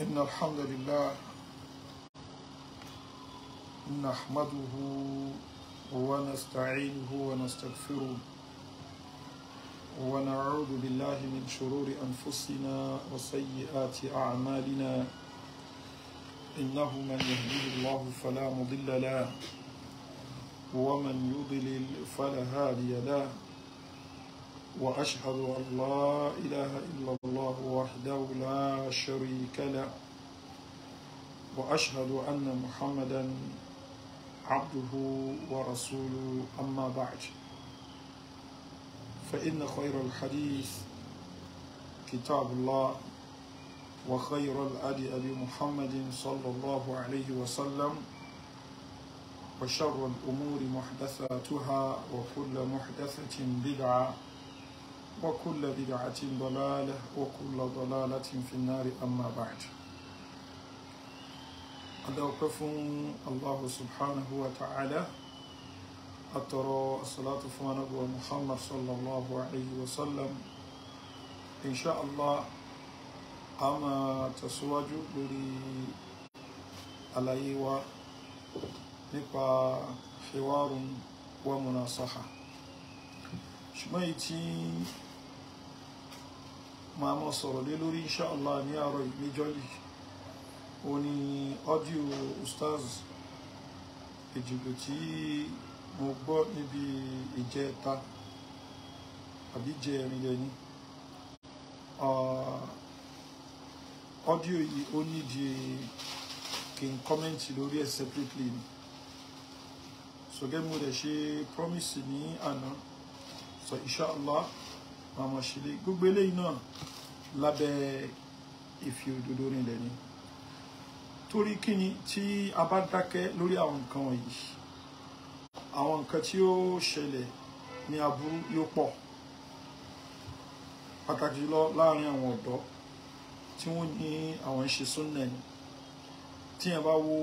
إن الحمد لله نحمده ونستعينه ونستغفره ونعوذ بالله من شرور أنفسنا وسيئات أعمالنا إنه من يهديه الله فلا مضل له ومن يضلل فلا هادي له وأشهد أن لا إله إلا الله وحده لا شريك له وأشهد أن محمدا عبده ورسوله أما بعد فإن خير الحديث كتاب الله وخير الأدي أبي محمد صلى الله عليه وسلم وشر الأمور محدثاتها وكل محدثة بدعة وكل بدعة ضلالة وكل ضلالة في النار أما بعد أدوقف الله سبحانه وتعالى أترى الصلاة فوانبو محمد صلى الله عليه وسلم إن شاء الله أما تسواج لدي عليه نقا حوار ومناصحة شميتي máa mọ̀ sọ̀rọ̀ lé lórí inshallah ní àárọ̀ ìmẹ́jọ́lì ó ní ọ́díò ustaz èjìgbò tí mo gbọ́ níbi ìjẹta àbí jẹ ẹ̀rin lẹ́ni ọ́díò yìí ó nídìí kí n kọ́mẹ́ǹtì lórí ẹ̀ separately ni so gẹ́gẹ́ mo dẹ̀ ṣe promise ní àná so inshallah wọn mọ̀ ṣe lé gbogbo eléyìí náà lábẹ́ ìfi òdodo rinlẹ̀ ni torí kíni tí a bá dákẹ́ lórí àwọn nǹkan wọ̀nyí àwọn nǹkan tí ó ṣẹlẹ̀ ní aburú yóò pọ̀ pàtàkì jùlọ láàrin àwọn ọ̀dọ́ tí wọ́n ní àwọn ń ṣe súnnà ni tí yẹn bá wo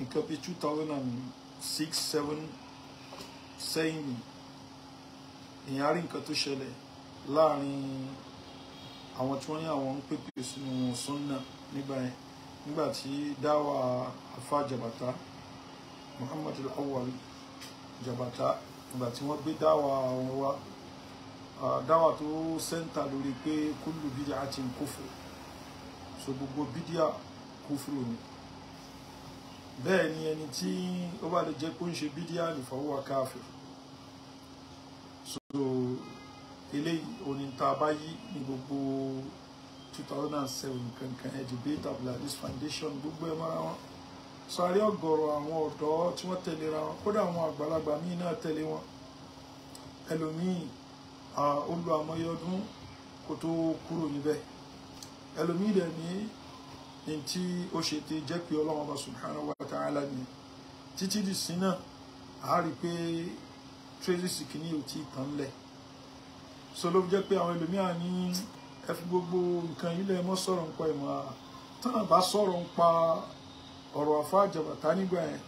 nǹkan bíi two thousand and six seven sẹ́yìn nìyí èèyàn á rí nǹkan tó ṣẹlẹ̀ láàrin àwọn tí wọ́n ní àwọn ń pèpè sínú sunna nígbà yẹn nígbà tí dáwà afa jabata muhammad al-awwal jabata nígbà tí wọ́n gbé dáwà wọn wá dáwà tó sẹ́ńtà lórí pé kullu bid'atin kufr so gbogbo bídíà kúfúrú ni bẹ́ẹ̀ ni ẹni tí ó bá lè jẹ́ pé ó ń ṣe bídíà ní fahuwa so eléyìí orin tá a bá yí ní gbogbo two thousand and seven kankan ẹ̀ debate abdulhadis foundation gbogbo ẹ̀ mara, wọn sáré ọ̀gọ̀rọ̀ àwọn ọ̀dọ́ tí wọ́n tẹ̀lé ra wọn kódà àwọn àgbàlagbà míì náà tẹ̀lé wọn ẹlòmíì ó lo àmọye ọdún kó tó kúrò níbẹ̀ ẹlòmíì dẹ̀ ní ní tí ó ṣe ti jẹ́ pé ọlọ́run subhanahu wa ta'ala ni títí dì sí náà a rí i pé tracy kìíní ò tí ì tán lẹ̀ so ló jẹ́ pé àwọn ẹlòmíràn ní ẹ fi gbogbo nǹkan yìí lẹ́ẹ̀mọ́ sọ̀rọ̀ ń pa ìmọ̀ ara tán àbá sọ̀rọ̀ ń pa ọ̀rọ̀ àfa àjàbàtà nígbà yẹn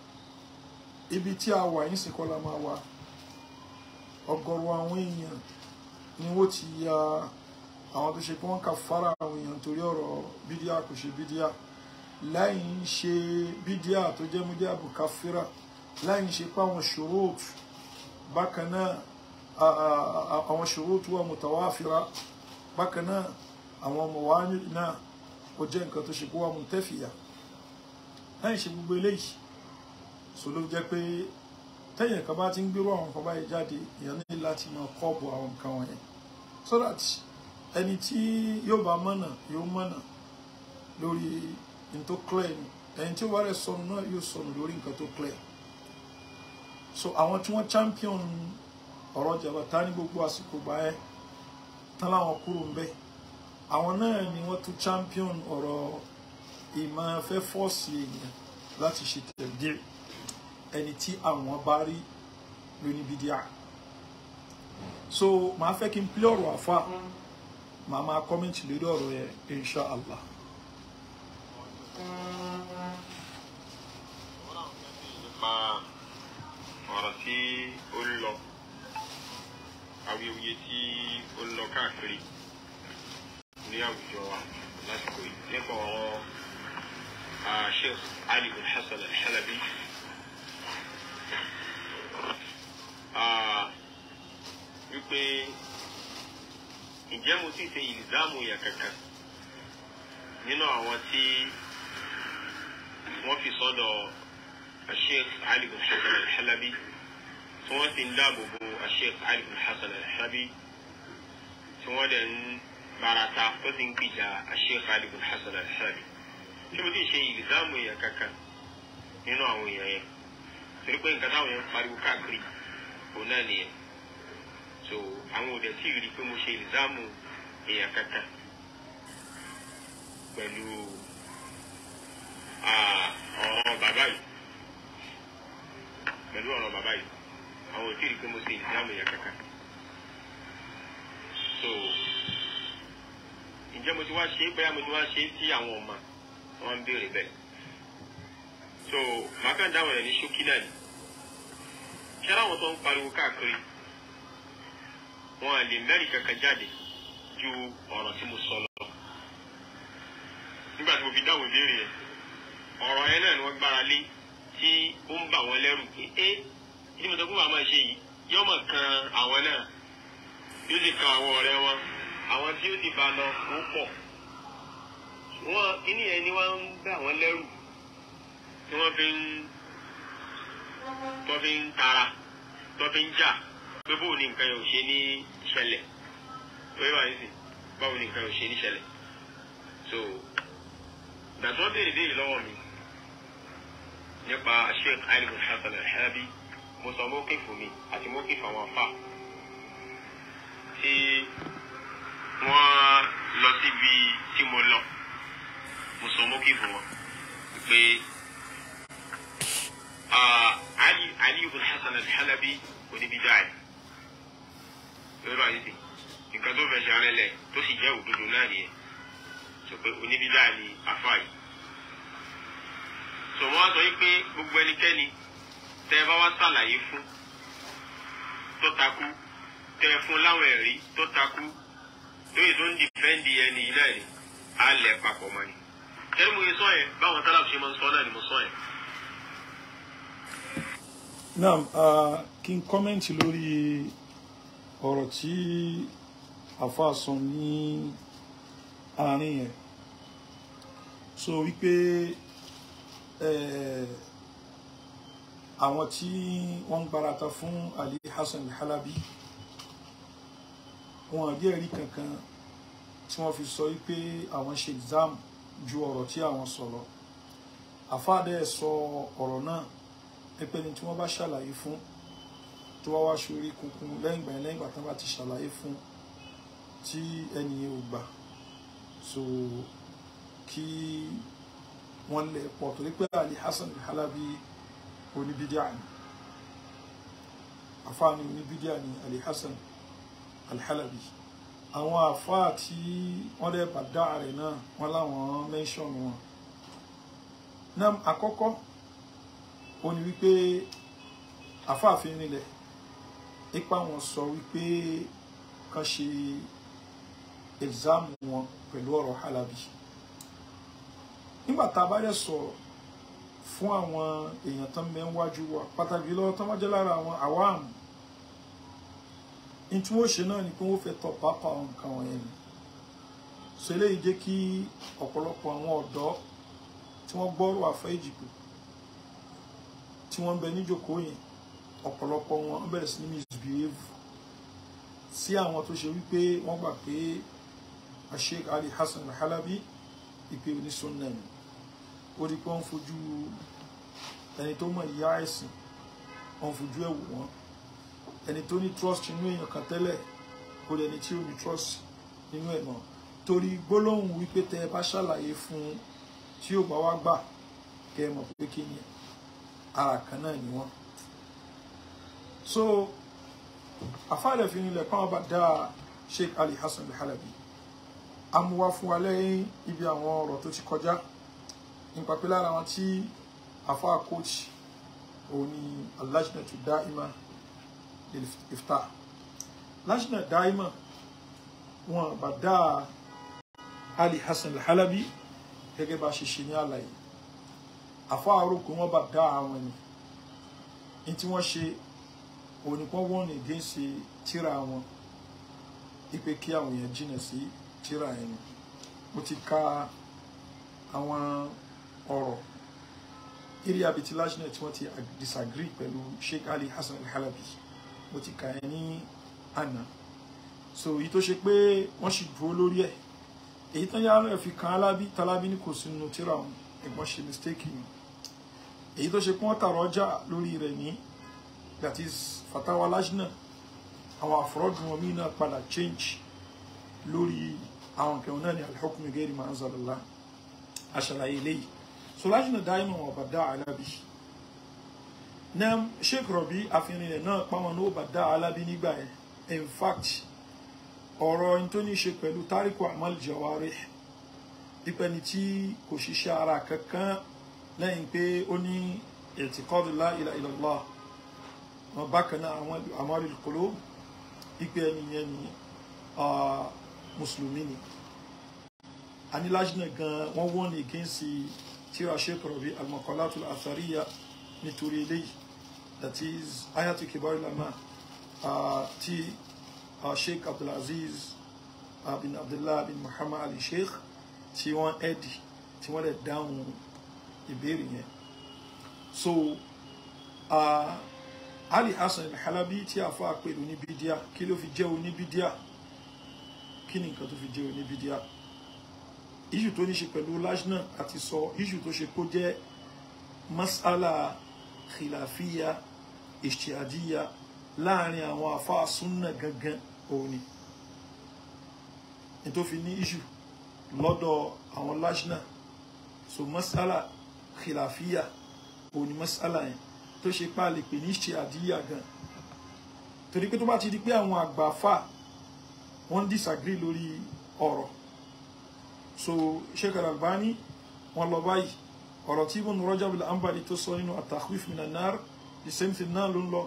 ibi tí a wà yín sì kọ́ la máa wà ọ̀gọ̀rọ̀ àwọn èèyàn ni wọ́n ti ya àwọn tó ṣe pé wọ́n kà fara àwọn èèyàn torí ọ̀rọ̀ bídíà kò ṣe bídíà láì ń ṣe bídíà tó jẹ́ múdíà bùkáfíra láì ń ṣe pé àwọn ṣòro òtún bákan náà àwọn ṣòrótù wa mutawafira bákan náà àwọn ọmọ wa náà ó jẹ́ nǹkan tó ṣe kó wa muntafiya láì ṣe gbogbo eléyìí sọ ló jẹ́ pé tẹ́yìn kan bá ti ń gbérò àwọn nǹkan báyìí jáde èèyàn ní láti máa kọ́ọ̀bù so that ẹni tí yóò bá mọ̀nà yóò mọ̀nà lórí nǹkan tó clear ni ẹni tí so àwọn tí wọ́n champion ọ̀rọ̀ jàbàtà ní gbogbo àsìkò gbà ẹ́ tán láwọn kúrò ń bẹ̀ àwọn náà ni wọ́n tún champion ọ̀rọ̀ ìmọ̀ fẹ́ fọ́ọ̀sì èèyàn láti ṣe tẹ̀lé ẹni tí àwọn bá rí lóní bídíà so màá fẹ́ kí n plé ọ̀rọ̀ àfa màá máa comment lórí ọ̀rọ̀ yẹn inshallah. Thank you ọ̀rọ̀ tí ó ń lọ awuyewuye tí ó ń lọ káàkiri ní àwùjọ wa lásìkò yìí nípa ọ̀rọ̀ Sheikh Ali bin Hasan al-Halabi. wípé ǹjẹ́ mo ti ṣe ìlìzáàmù yà kankan nínú àwọn tí wọ́n fi sọ́dọ̀. So asheik ali bin hasan alhalabi tí wọ́n sì ń dáàbò bo asheik ali bin hasan alhalabi tí wọ́n dẹ̀ ń barata tó sì ń gbìjà asheik ali bin hasan alhalabi tí mo ti ṣe ìlìzámù èèyàn kankan nínú àwọn èèyàn yẹn torí pé nǹkan táwọn yẹn ń pariwo káàkiri òun náà nìyẹn so àwọn òde tí rí i pé mo ṣe ìlìzámù èèyàn kankan pẹ̀lú ọ̀rọ̀ bàbá yìí pẹ̀lú ọ̀rọ̀ bàbá yìí àwọn ò tí ì rí pé mo ṣe ìsìlámù yẹn kankan so ǹjẹ́ mo ti wá ṣe é bẹ́ẹ̀ mo ti wá ṣe é sí àwọn ọmọ wọn ń béèrè bẹ́ẹ̀ so màá kàn dáhùn ẹ̀ ní ṣókí náà ni ṣé láwọn tó ń pariwo káàkiri wọn à lè mẹ́rin kankan jáde ju ọ̀rọ̀ tí mo sọ lọ nígbà tí mo fi dáhùn ìbéèrè yẹn ọ̀rọ̀ yẹn náà ni wọ́n gbára lé tí ó ń bà wọ́n lẹ́rù pé é ní mo sọ fún màmá ṣe yìí yóò mọ̀ kan àwọn náà yóò sì kan àwọn ọ̀rẹ́ wọn àwọn tí ó sì bá lọ kó pọ̀ wọn kíní yẹn ni wọ́n ń bà wọ́n lẹ́rù tí wọ́n fi ń tó fi ń tara tó fi ń jà pé bóun ni nǹkan yẹn ò ṣe ní ṣẹlẹ̀ pé wà ní sìn báwo ni nǹkan yẹn ò ṣe ní ṣẹlẹ̀ so ìgbà tí wọ́n béèrè béèrè lọ́wọ́ mi nípa sheikh ali bin hasan al-halabi mo sọ mọ́kìfù mi àti mọ́kìfù àwọn afa tí wọ́n lọ síbi tí mo lọ mo sọ mọ́kìfù wọn pé ali ali bin hasan al-halabi oníbíjáì lọ́rọ̀ àyíṣe nǹkan tó fẹsẹ̀ alẹ́ lẹ̀ tó sì jẹ́ òdodo náà nìyẹn sọ pé oníbíjáì ni afa yìí sọ wọ́n sọ wípé gbogbo ẹnikẹ́ni tẹ́ ẹ bá wá ṣàlàyé fún tó takú tẹ́ ẹ fún láwọn ẹ̀rí tó takú lóye tó ń dìpẹ́ǹdì ẹni yìí náà ni á lẹ̀ papọ̀ mọ́ ni. ẹni mo yẹ sọ yẹn báwọn tálàbù ṣe máa ń sọ náà ni mo sọ yẹn. naam kí n kọ́mẹ́ǹtì lórí ọ̀rọ̀ tí àfa sọ ní àárín yẹn so wípé. Eh, àwọn tí wọ́n ń gbarata fún Ali Hassan Halabi wọn àrí ẹ̀rí kankan tí wọ́n fi sọ wípé àwọn ṣe exam ju ọ̀rọ̀ tí àwọn sọ lọ àfáàdẹ sọ ọ̀rọ̀ náà ẹpẹ́ ni tí wọ́n bá ṣàlàyé fún tó wá wá sórí kunkun lẹ́yìn ìgbà tán bá ti ṣàlàyé fún tí ẹnìyẹn ò gbà so kí wọ́n lẹ̀ pọ̀ torí pé Ali Hasan Halabi oníbídíà ni àfáàní oníbídíà ni Ali Hasan Al-Halabi àwọn àfáà tí wọ́n lẹ̀ bàdá rẹ̀ náà wọ́n láwọn mẹ́ńsọ̀nù wọn nam àkọ́kọ́ ó ní wípé àfáàfin nílẹ̀ ipa wọn sọ wípé kan ṣe ẹ̀zámù wọn pẹ̀lú ọ̀rọ̀ Halabi nígbà tá a bá yẹ sọ̀rọ̀ fún àwọn èèyàn tán bẹ ń wájú wa pàtàkì lọ́wọ́ tán bá jẹ́ lára àwọn àwáàmù ní tí wọ́n ṣe náà ni pé wọ́n fẹ́ tọ̀ pápá àwọn nǹkan wọ̀nyẹn ni so eléyìí jẹ́ kí ọ̀pọ̀lọpọ̀ àwọn ọ̀dọ́ tí wọ́n gbọ́rọ̀ àfẹ́ ìjìbò tí wọ́n ń bẹ níjòkó yẹn ọ̀pọ̀lọpọ̀ wọn bẹ̀rẹ̀ sí ní misbehave sí àwọn tó ṣe wípé wọ́n gbà pé Sheikh Ali Hassan halabi ìpè onísùnnà ni ó rí pé wọ́n fojú ẹni tó mọ̀ ìyá ẹ̀sìn wọ́n fojú ẹ̀ wò wọ́n ẹni tó ní trust nínú èèyàn kan tẹ́lẹ̀ kò lẹ́ni tí ó ní trust nínú ẹ̀ náà torí gbólóhùn wípé tẹ́ ẹ bá ṣàlàyé fún un tí ò bá wá gbà kẹ́ ẹ mọ̀ pé kí ni ara kan náà ni wọ́n. so àfáàlẹ̀ fi nílẹ̀ pọ́n ọba dáa Sheikh Ali Hassan al-Halabi amúwá fún wa lẹ́yìn ibi àwọn ọ̀rọ̀ tó ti kọjá nípa pé lára wọn tí àfáà coach òun ni aláṣinàtú daima, ìfta láṣinà dáìmà wọn bàdá ali hasan Halabi, gẹ́gẹ́ bá ṣe ṣe ní àlàyé àfáà arókò wọn bàdá àwọn ni ní tí wọ́n ṣe òun ni wọ́n wọ́n ní gẹ́ǹsì tíra wọn ipe kí àwọn èèyàn jìnnà sí tíra ẹni mo ti ka àwọn ọ̀rọ̀ area abiti lashina tí wọ́n ti disagree pẹ̀lú Sheikh Ali Hassan Al-Halabi mo ti kà ẹ́ ní àná so èyí tó ṣe pé wọ́n sì dúró lórí ẹ̀ èyí tán yára ẹ̀ fi kan alábí talábí ní kò sínú tíra òun ẹ̀gbọ́n ṣe mistake ni èyí tó ṣe pé wọ́n tààrọ̀ ọjà lórí rẹ̀ ní that is fatawa lashina àwọn àfọ̀rọ̀dùn wọn míì náà padà change lórí àwọn kẹwọn náà ní al-hukm ghairi ma anzalallah aṣàlàyé eléyìí so lajna daiman wa bada alabi na sheikh rabi àfihàn rẹ̀ náà páwọn ní ó bada alabi nígbà yẹn in fact ọ̀rọ̀ ẹni tó ní ṣe pẹ̀lú tariku amal jawarih ìpẹni tí kò ṣiṣẹ́ ara kankan lẹ́yìn pé ó ní i'tiqadu la ilaha illallah wọn bákan náà àwọn amalul qulub ìpẹ ẹni yẹn ni mùsùlùmí ni anílájínà gan wọn wọ́n ní against tíra Sheikh Rabi al-Maqalatul Athariya nítorí eléyìí that is Hayatu Kibar al-Ulama tí Sheikh Abdulaziz bin Abdullah bin Muhammad Ali Sheikh tí wọ́n ẹ̀dì tí wọ́n lè dáhùn ìbéèrè yẹn so uh, Ali Hasan al-Halabi tí a fọ́ àpèrè oníbídíà kí ló fi jẹ́ oníbídíà kí ni nǹkan tó fi jẹ́ oníbídíà iṣu tó ní ṣe pẹ̀lú lajna àti sọ iṣu tó ṣe kó jẹ́ masala khilafiya ìṣtíadíya láàrin àwọn àfáà súnà gangan òun ni nítòfin ní iṣu lọ́dọ̀ àwọn lajna so masala khilafiya òun masala yẹn tó ṣe pa lè pè ní ìṣtíadíya gan torí pé tó bá ti di pé àwọn àgbàfà wọ́n disagree lórí ọ̀rọ̀ so Sheikh Al-Albani wọ́n lọ báyìí ọ̀rọ̀ tí Ibn Rajab al-Hanbali tó sọ nínú at-Takhfif min an-Nar the same thing náà ló ń lọ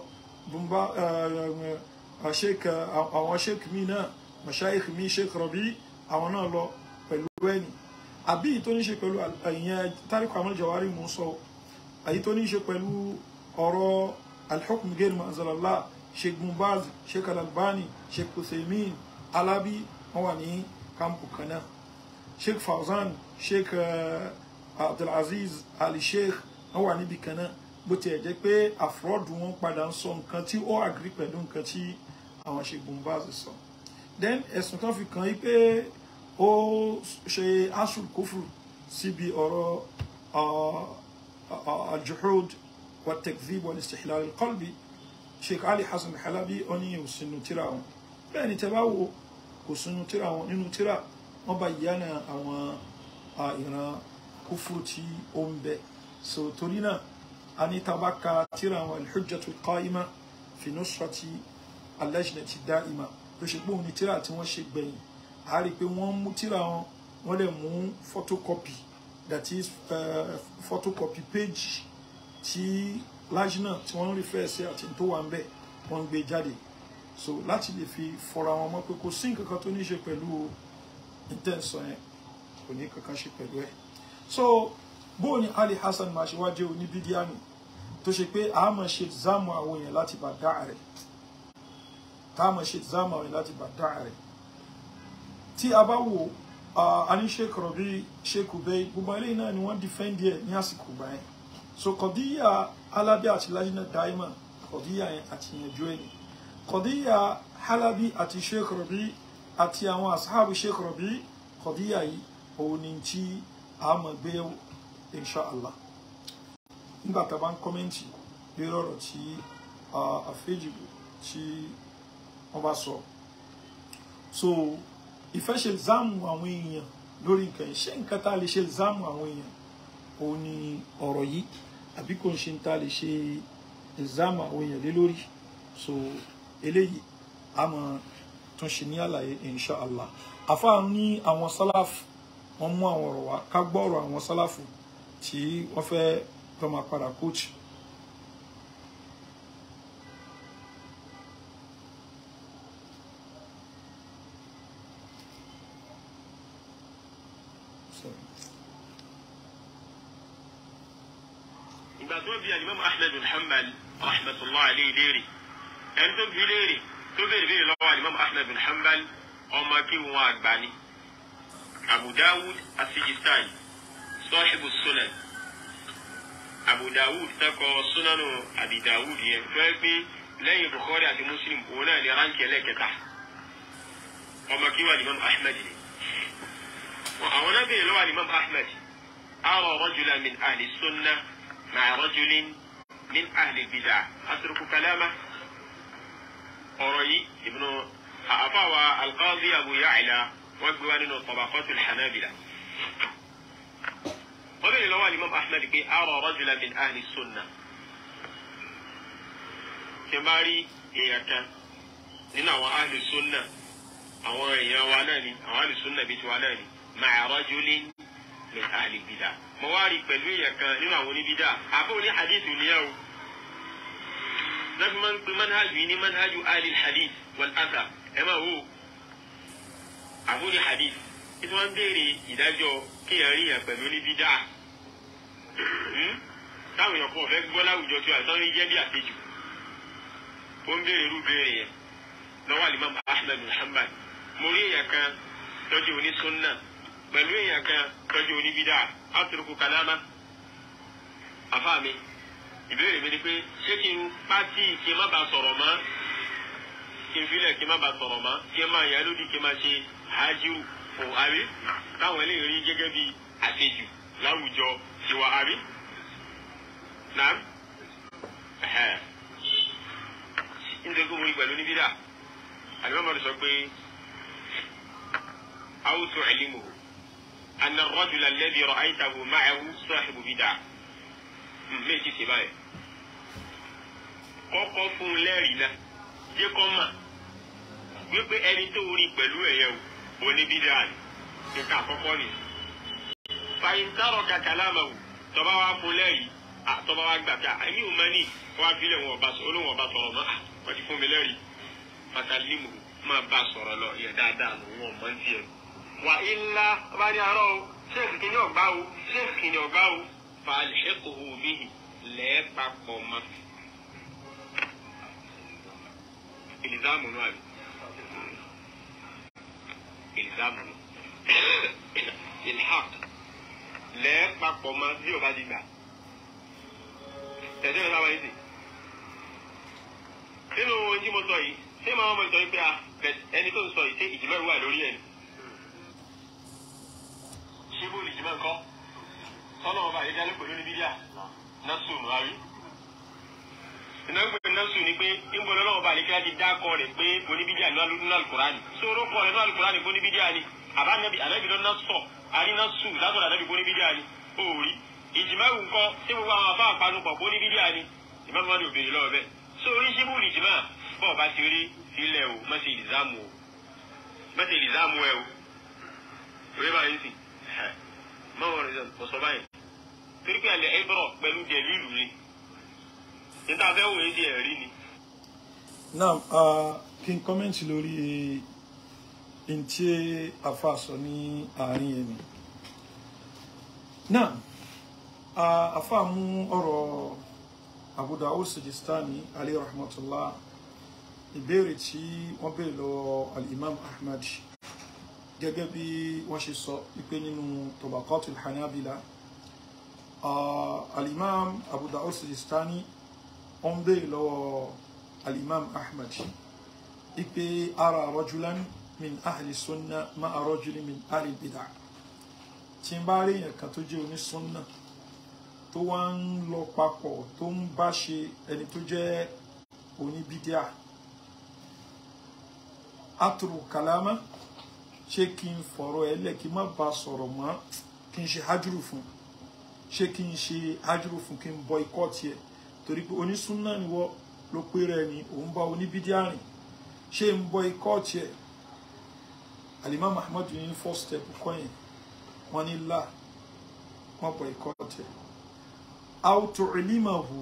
bùnbá eh, eh, àwọn sheik mi náà mashayikh mi Sheikh Rabi àwọn náà lọ pẹ̀lú ẹni àbí èyí tó ní ṣe pẹ̀lú ìyẹn Tariq Ahmad Jawari mò ń sọ èyí tó ní ṣe pẹ̀lú ọ̀rọ̀ al-hukm ghayr Sheikh Bin Sheikh al Sheikh Uthaymin Alabi wọn wà ní kámpù kan náà sheikh fauzan sheikh eh, abdulaziz ali sheikh wọ́n wà níbi kan náà bó tiẹ̀ jẹ́ pé àfúrọ́dù wọn padà ń sọ nǹkan tí ó àgírí pẹ̀lú nǹkan tí àwọn sheikh Bombaz sọ then ẹ̀sùn kan fi kàn yí pé ó ṣe asul kufur síbi ọ̀rọ̀ eh, eh, al-juhud wat-takdhib wal-istihlal al-qalbi sheikh ali hasan halabi ó ní tíra wọn bẹ́ẹ̀ ni tẹ́ bá wo kò sínú tíra wọn nínú tíra wọn wọ́n bá yánà àwọn ìran kúfúrú tí ó ń bẹ so torí náà a ní tabaka tíra àwọn al-hujjatul qaima fi nusrati al-lajnati da'ima ló ṣe pé òun ni tíra tí wọ́n ṣe gbẹ̀yìn a rí i pé wọ́n mú tíra wọn wọ́n lè mú photocopy that is uh, photocopy page tí lajna tí wọ́n refer sí àti tó wà ń bẹ̀ wọ́n gbé jáde so láti lè fi fọra wọn mọ́ pé kò sí nǹkan kan tó ní í ṣe pẹ̀lú o ìtẹ̀sán yẹn kò ní kankan ṣe pẹ̀lú ẹ̀ so bóò ni Ali Hassan máa ṣe wá jẹ́ oníbídíàmì tó ṣe pé a máa ṣe záàmù àwọn èèyàn láti bá dáa rẹ̀ tá a máa ṣe záàmù àwọn èèyàn láti bá dáa rẹ̀ tí a bá wò a ní Sheikh Rabi Sheikh Ubay gbogbo eléyìí náà ni wọ́n defend ẹ̀ ní àsìkò gbà yẹn so kọ̀díyà Halabi àti Lajna Daima kọ̀díyà yẹn àti yẹn ju ẹ̀yìn kọ̀díyà Halabi àti Sheikh Rabi àti àwọn asáàbù sheikh rabi kọdíyà yìí òun ni tí a mọ̀ gbé inshàlá nígbà tá a bá ń kọ́mẹ́ǹtì lórí ọ̀rọ̀ tí àfẹ́jìbò tí wọ́n bá sọ so ìfẹ́ ṣe záàmù àwọn èèyàn lórí nǹkan ṣé nǹkan tá a lè ṣe záàmù àwọn èèyàn òun ni ọ̀rọ̀ yìí àbí kò ń ṣe tá a lè ṣe záàmù àwọn èèyàn lé lórí so eléyìí a mọ̀ tó ṣe ní àlàyé inshallah àfáà ní àwọn sálàfù wọ́n mú àwọn ọ̀rọ̀ wá ká gbọ́ ọ̀rọ̀ àwọn sálàfù tí wọ́n fẹ́ lọ máa padà coach ìgbà tó bí alimami ahmed bin hanbal rahmatullahi alayhi ẹni tó bí léèrè tó béèrè béèrè lọ́wọ́ alimam ahmed bin hanbal ọmọ ki wọn agbani abu dawud asijistani sọ́ọ́ṣibù sunan abu dawud takọ sunanu abi dawud yẹn fẹ́ gbé lẹ́yìn bukhari àti muslim òun náà ní ránkì ẹlẹ́kẹta ọmọ akéwù alimam ahmed ni àwọn náà béèrè lọ́wọ́ alimam ahmed arọ rọ́jùlá min ahli sunna ma'a rọ́jùlín min ahli bid'ah atruku kalama. ọ̀rọ̀ yìí ìbùnú àfàwà alqaadi abu ya'la wọ́n gbé wá nínú tabaqatul hanabila. wọ́n bẹ̀rẹ̀ lọ́wọ́ alimam ahmed pé ara rajulan min ahli sunna. ṣe máa rí èèyàn kan nínú àwọn ahli sunna àwọn èèyàn wa náà ni àwọn ahli sunna bíi tiwa náà ni ma'a rajulin min ahli bid'ah. mo wá rí pẹ̀lú èèyàn kan nínú àwọn oníbid'ah àbúrò ní hadith ìlú yẹn o lọ́fi máa ń pe manhajù yìí ní manhajù ali hadith wal athar ẹ máa wò àbúrò hadith kí wọ́n béèrè ìdájọ́ kéèyàn rí yàn pẹ̀lú ní bídà hmm? táwọn èèyàn kan ọ̀fẹ́ gbọ́ láwùjọ tí àìsàn rí jẹ́ bí àpèjù ó ń béèrè irú béèrè yẹn lọ́wọ́ alimam ahmed muhammad mo rí èèyàn kan sunna pẹ̀lú èèyàn kan tọ́jú oní bídà átùrùkù ìbéèrè mi ni pé ṣé kí n pátì kí n má bàa sọ̀rọ̀ mọ́ kí n filẹ̀ kí n má bàa sọ̀rọ̀ mọ́ kí n má yà lódì kí n má ṣe hajiru fún àbí táwọn eléyìí rí gẹ́gẹ́ bí àṣejù láwùjọ tiwa àbí. Nàám nítorí kó mo rí pẹ̀lú níbí dà àdìmọ́mọ́dé sọ pé àwùjọ ẹ̀límù àná lẹ́bi rọ̀ àyíkàwò máa ẹ̀wù sọ́ọ̀ṣì bùbí dà méjì ṣe báyìí kọ́kọ́ fún un lẹ́rìí náà jẹ́ kọ́ mà wípé ẹni tó rí pẹ̀lú ẹ̀yẹ o oníbídà ni nǹka àkọ́kọ́ ni fàyíntàrọ̀ kàkàlámà o tọ́ba wa fún lẹ́rìí àtọ́ba wa gbàgbà ẹni ò mẹ́ni wá bílẹ̀ wọn ọba olóhùn ọba sọ̀rọ̀ mọ́ wọ́n ti fún mi lẹ́rìí fatalimu máa bá sọ̀rọ̀ lọ yẹ dáadáa ló wọn mọ́ ń tiẹ̀ wà ilá bá ní arọ́ o ṣé kìnìún ọ̀gbá o ṣé kìnìún ọ̀gbá o falẹ̀kùhù bíi lẹ́ẹ̀papọ̀ mọ́. ìlìzámù náà rí ìlìzámù náà ìlhàk lẹ́ẹ̀papọ̀ mọ́ bí o bá di gbà. tẹ̀síwọ̀n sábà yìí sì nínú ohun tí mo sọ yìí ṣé màá mọ̀ ìtọ́ pé a ah, ẹni tó ń sọ yìí ṣé ìjìmọ̀ ìwà lórí ẹ̀ ni. ṣé bó lè jìmọ̀ tọ́lọ̀ ọba àyíká ló pẹ̀lú níbi díà násù rárí. ìnáwó násù ni pé níbo lọ́wọ́ ọba àyíká ti dá kọ́ rẹ̀ pé oníbídíà ló nínú alukurani sóró kọ́ rẹ̀ nínú alukurani pé oníbídíà ni àbá nẹ́bi ànẹ́bi ló násọ̀ àrí násù látọ̀dọ̀ ànẹ́bi pé oníbídíà ni òòrí ìjìmáwù ńkọ́ tí gbogbo àwọn afá àpanupọ̀ pé oníbídíà ni ìmọ̀mọ́ni òbèrè lọ́wọ́ bẹ́ẹ̀ sórí ṣíbù ìjìmá bọ́ọ̀ bá ti rí ilẹ̀ o mọ́sẹ̀ ìlìzámù o mọ́sẹ̀ ìlìzámù ẹ o òwe báyìí sì mọ́wọ́rẹ́dẹ́n kò sọ báyìí torí pé àlẹ́ ẹ̀bùrọ̀ pẹ̀lú dẹ̀lílù ni níta fẹ́ wòye di ẹ̀rí ni. now uh, kí n kọ́mẹ́ǹtì lórí ntí afa sọ ní àárín yẹn ni now uh, afa mú ọ̀rọ̀ Abu Dawud Sijistani alayhi rahmatullah ìbéèrè tí wọ́n béèrè lọ́wọ́ al-Imam gẹ́gẹ́ bí wọ́n ṣe sọ wípé nínú tobaccotul hanabila alimam abu dawud sijistani ó ń béèrè lọ́wọ́ alimam ahmed wípé ara rajulan min ahli sunna ma rajulin min ahli bid'a tí n bá rí èèyàn kan tó jẹ́ onísunna tó wá ń lọ papọ̀ tó ń bá ṣe ẹni tó jẹ́ oníbídíà atru kalama ṣé kí n fọ̀rọ̀ ẹ lẹ̀ kí n má ba sọ̀rọ̀ mọ́ kí n ṣe hajuru fún ṣé kí n ṣe hajuru fún kí n bọ ikọ́ tiẹ̀ torí pé onísúnná ni wọ́n ló pé rẹ̀ ni òun bá oníbídíà rìn ṣé n bọ ikọ́ tiẹ̀ alimá muhammadu ní first step kọ́ yẹn wọ́n ní là wọ́n bọ ikọ́ tiẹ̀ aw tu'limahu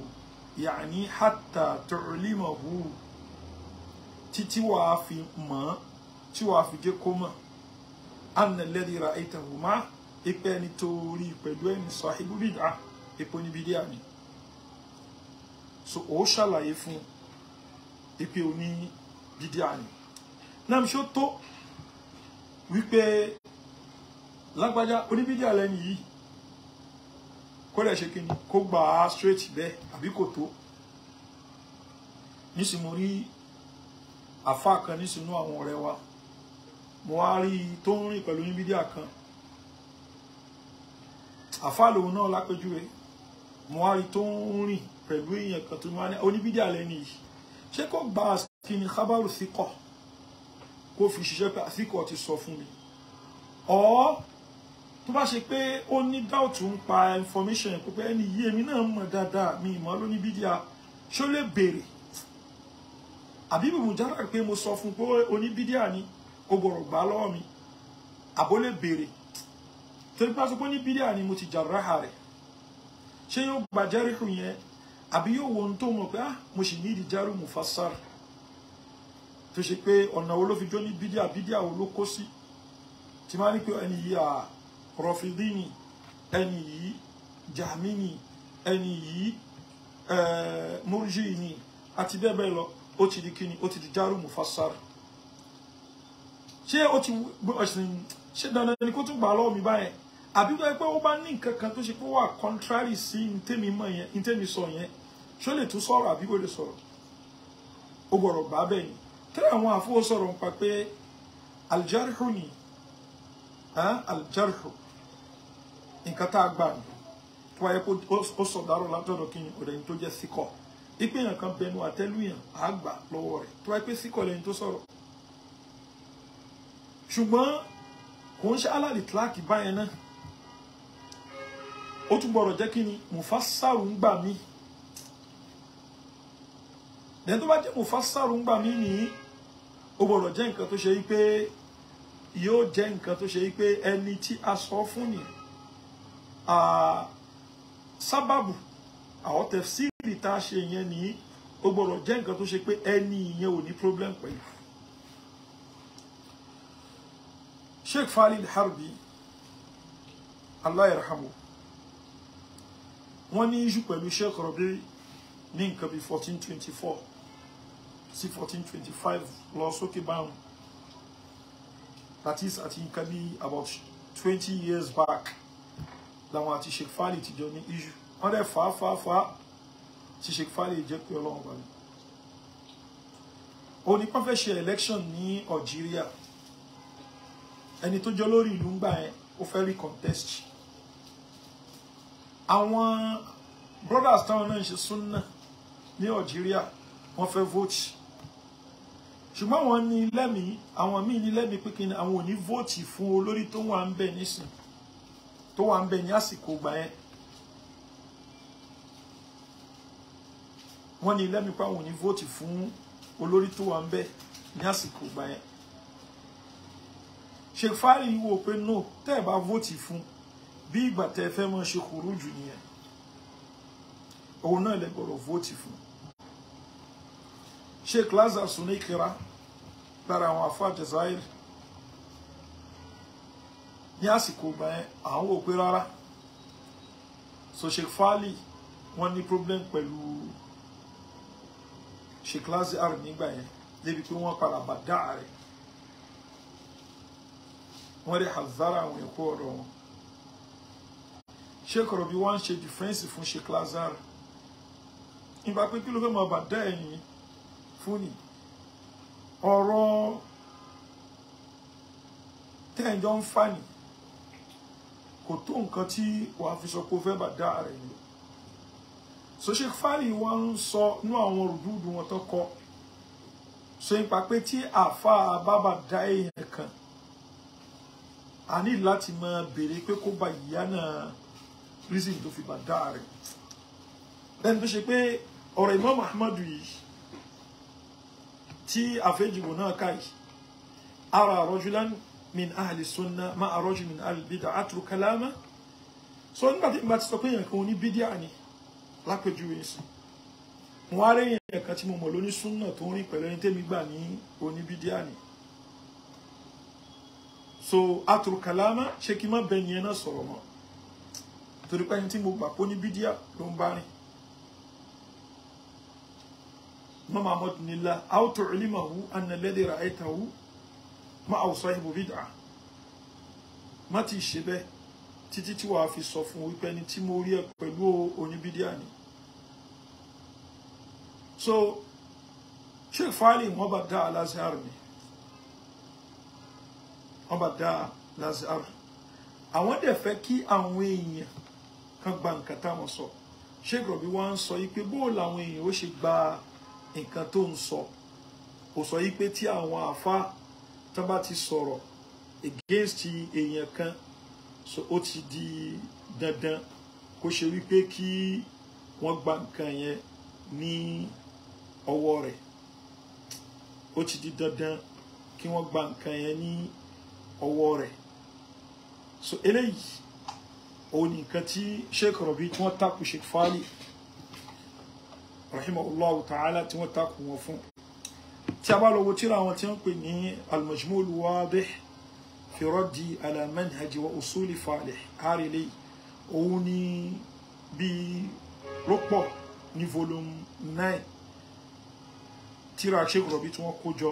ya'ni hatta tu'limahu títí wàá fi mọ̀ tí wàá fi jẹ́ kó mọ̀ amnalẹ́dì ra ìtẹ̀wò má ipe ẹni tó rí pẹ̀lú ẹni sahibu bid'a epo níbi díà ni so ó ṣàlàyé fún ipe oní bid'a ni náà ṣó tó wípé lágbájá oníbídíà lẹ́ni yìí kó ṣe kí ni kó gbà á straight bẹ́ẹ̀ àbí kò tó nísìnyí mo rí àfa kan nísìnyí àwọn ọ̀rẹ́ wa mo wá rí i tó ń rìn pẹ̀lú yín bídíà kan àfa lòun náà lápẹjúwe mo wá rí i tó ń rìn pẹ̀lú èèyàn kan tó máa ní oníbídíà lẹ́ni yìí ṣé kò gba kí ni kábàrù síkọ̀ kó fi ṣiṣẹ́ pé síkọ̀ ti sọ fún mi ọ́ tó bá ṣe pé ó ní dáùtù ń pa information yẹn pé ẹni yìí èmi náà mọ̀ dáadáa mi ìmọ̀ lóní bídíà ṣó lè béèrè àbí bùbù jára pé mo sọ fún pé oníbídíà ni ó gbọ́dọ̀ gbà lọ́wọ́ mi àbó lè béèrè torí pé aṣọ pé ní bídíà ni mo ti jàráhà rẹ̀ ṣé yóò gba jẹ́rìkù yẹn àbí yóò wo ohun tó mọ̀ pé ah, mo sì ní ìdí járù mufassar tó ṣe pé ọ̀nà wo ló fi jó ní bídíà bídíà wo ló kó sí tí máa ní pé ẹni yìí à rọfìdíìnì ẹni yìí jàmínì ẹni yìí eh, múrjíìnì àti bẹ́ẹ̀ bẹ́ẹ̀ lọ ó ti di kíni ó ti di járù mufassar ṣé ó ti ẹ̀sìn ṣe dandan ni kó tún gbà lọ́wọ́ mi báyẹn àbí wọ́n pé ó bá ní nǹkan kan tó ṣe pé ó wà contrary sí ntẹ́mi mọ̀ yẹn ntẹ́mi sọ yẹn ṣó lè tún sọ̀rọ̀ àbí kò lè sọ̀rọ̀ ó gbọ́dọ̀ bá bẹ́ẹ̀ ni tẹ́lẹ̀ àwọn àfọwọ́ sọ̀rọ̀ nípa pé aljarhu ni aljarhu nǹkan tá a gbà ní tó wáyé kó ó sọ̀dárò látọ̀dọ̀ kí ni ọ̀rẹ́ yìí tó jẹ́ síkọ̀ ìpéyàn kan bẹnu àtẹ́lùyàn àgbà lọ́wọ́ rẹ̀ tó wáyé pé síkọ̀ lẹ́yìn tó sọ̀rọ̀ ṣùgbọ́n kò ń ṣe alali tlaki báyẹn náà ó tún gbọ́dọ̀ jẹ́ kí ni mufassaru ń gbà mí dẹ́n tó bá jẹ́ mufassaru ń gbà mí nìyí ó gbọ́dọ̀ jẹ́ nǹkan tó ṣe yí pé yóò jẹ́ nǹkan tó ṣe yí pé ẹni tí a sọ fún ni sábàbù àwọn tẹ̀síìlì tá a ṣe yẹn nìyí ó gbọ́dọ̀ jẹ́ nǹkan tó ṣe pé ẹni ìyẹn ò ní problem pẹ̀lú. Sheikh Falil الحربي الله يرحمه wọ́n ní iṣu pẹ̀lú Sheikh Rabi ní nǹkan bíi fourteen twenty four that is àti nǹkan about 20 years back لما àti Sheikh Falil إيجو jọ ní iṣu wọ́n dẹ̀ fà á fà á fà á ti election ní Algeria ẹni tó jẹ́ olórí ìlú ń gbà yẹn ó fẹ́ rí contest àwọn brothers táwọn náà ń ṣe súnà ní Algeria wọ́n fẹ́ vote ṣùgbọ́n àwọn ní lẹ́mìí àwọn míì ní lẹ́mìí pé ni àwọn ò ní vote fún olórí tó wà ń bẹ̀ nísìn tó wà ń bẹ̀ ní àsìkò gbà yẹn wọ́n ní lẹ́mìí pé àwọn ò ní vote fún olórí tó wà ń bẹ̀ ní àsìkò gbà yẹn. Sheikh Fari wò pé no tẹ́ ẹ̀ bá vóòtì fún bí ìgbà tẹ́ ẹ fẹ́ mọ́ ṣe kúrú jù nìyẹn òun náà lẹ gbọ́dọ̀ vóòtì fún Sheikh Lazarus Sunikira lára àwọn afọ àjẹsáyìr ní àsìkò ìgbà yẹn àwọn ò pé rárá so Sheikh Fali wọ́n ní problem pẹ̀lú Sheikh Lazarus nígbà yẹn débi pé wọ́n padà bá dáa rẹ̀ wọ́n rí hazara àwọn èkó ọ̀rọ̀ wọn sheik Rabi wọ́n ń ṣe dìfẹ́ǹsì fún sheik Lazar ìgbà pé kí ló fẹ́ máa bàdá ẹ̀yìn fún ni ọ̀rọ̀ tẹ́ẹ̀jọ́ ń fà ní kò tó nǹkan tí wà á fi sọ pé ó fẹ́ bàdá rẹ̀ ni so sheik Fani wọn ń sọ inú àwọn rùdúùdù wọn tó kọ so ipa pé tí àáfàá bábà dá èèyàn kan a ní láti máa béèrè pé kó bá ìyá náà reason tó fi bá dá rẹ̀ lẹ́nu tó ṣe pé ọ̀rọ̀ Imam Ahmadu yìí tí àfẹ́jìbò náà ká yìí ara rajulan min ahli sunna ma rajul min ahli bid'a atru kalama so nígbà tí ìgbà ti sọ pé èèyàn kan oní bídíà ni lápèjúwe sí mo wá rí èèyàn kan tí mo mọ̀ lóní súnà tó ń rìn pẹ̀lú ẹni tẹ́mi gbà ní oní ni so atul kalama ṣé kí n má bẹ yẹn náà sọ̀rọ̀ mọ́ torí pé ẹni tí mo gbà pé ní bídíà ló ń bá rìn mama ahmad nila aw tu'limahu anna alladhi ra'aytahu ma aw sahibu bid'ah má ti ṣe bẹ́ẹ̀ títí tí wàá fi sọ fún wípé ẹni tí mo rí ẹ pẹ̀lú oníbídíà ni so sheikh fali wọn bá dá alazhar ni ọbàdà lazaro, àwọn dẹ̀ fẹ́ kí àwọn èèyàn kan gba nǹkan táwọn sọ sheik rọ̀bì wá ń sọ yìí pé bó làwọn èèyàn ó ṣe gba nǹkan tó ń sọ kò sọ yìí tí àwọn àfa tó bá ti sọ̀rọ̀ against èèyàn kan so ó ti di dandan kó ṣe wípé kí wọ́n gba nǹkan yẹn ní ọwọ́ rẹ̀ ó ti di dandan kí wọ́n gba nǹkan yẹn ní ọwọ́ rẹ̀ so eléyìí òun ni nǹkan tí sheikh rabi tí wọ́n takò sheikh fali rahimahullahu ta'ala tí wọ́n takò wọn fún tí a bá lọ wo tíra wọn tí wọ́n pè ní al-majmu' al-wadih fi raddi ala manhaji wa usuli falih àrèlè òun ni bí rọ́pọ̀ ní volume nine tíra sheikh rabi tí wọ́n kó jọ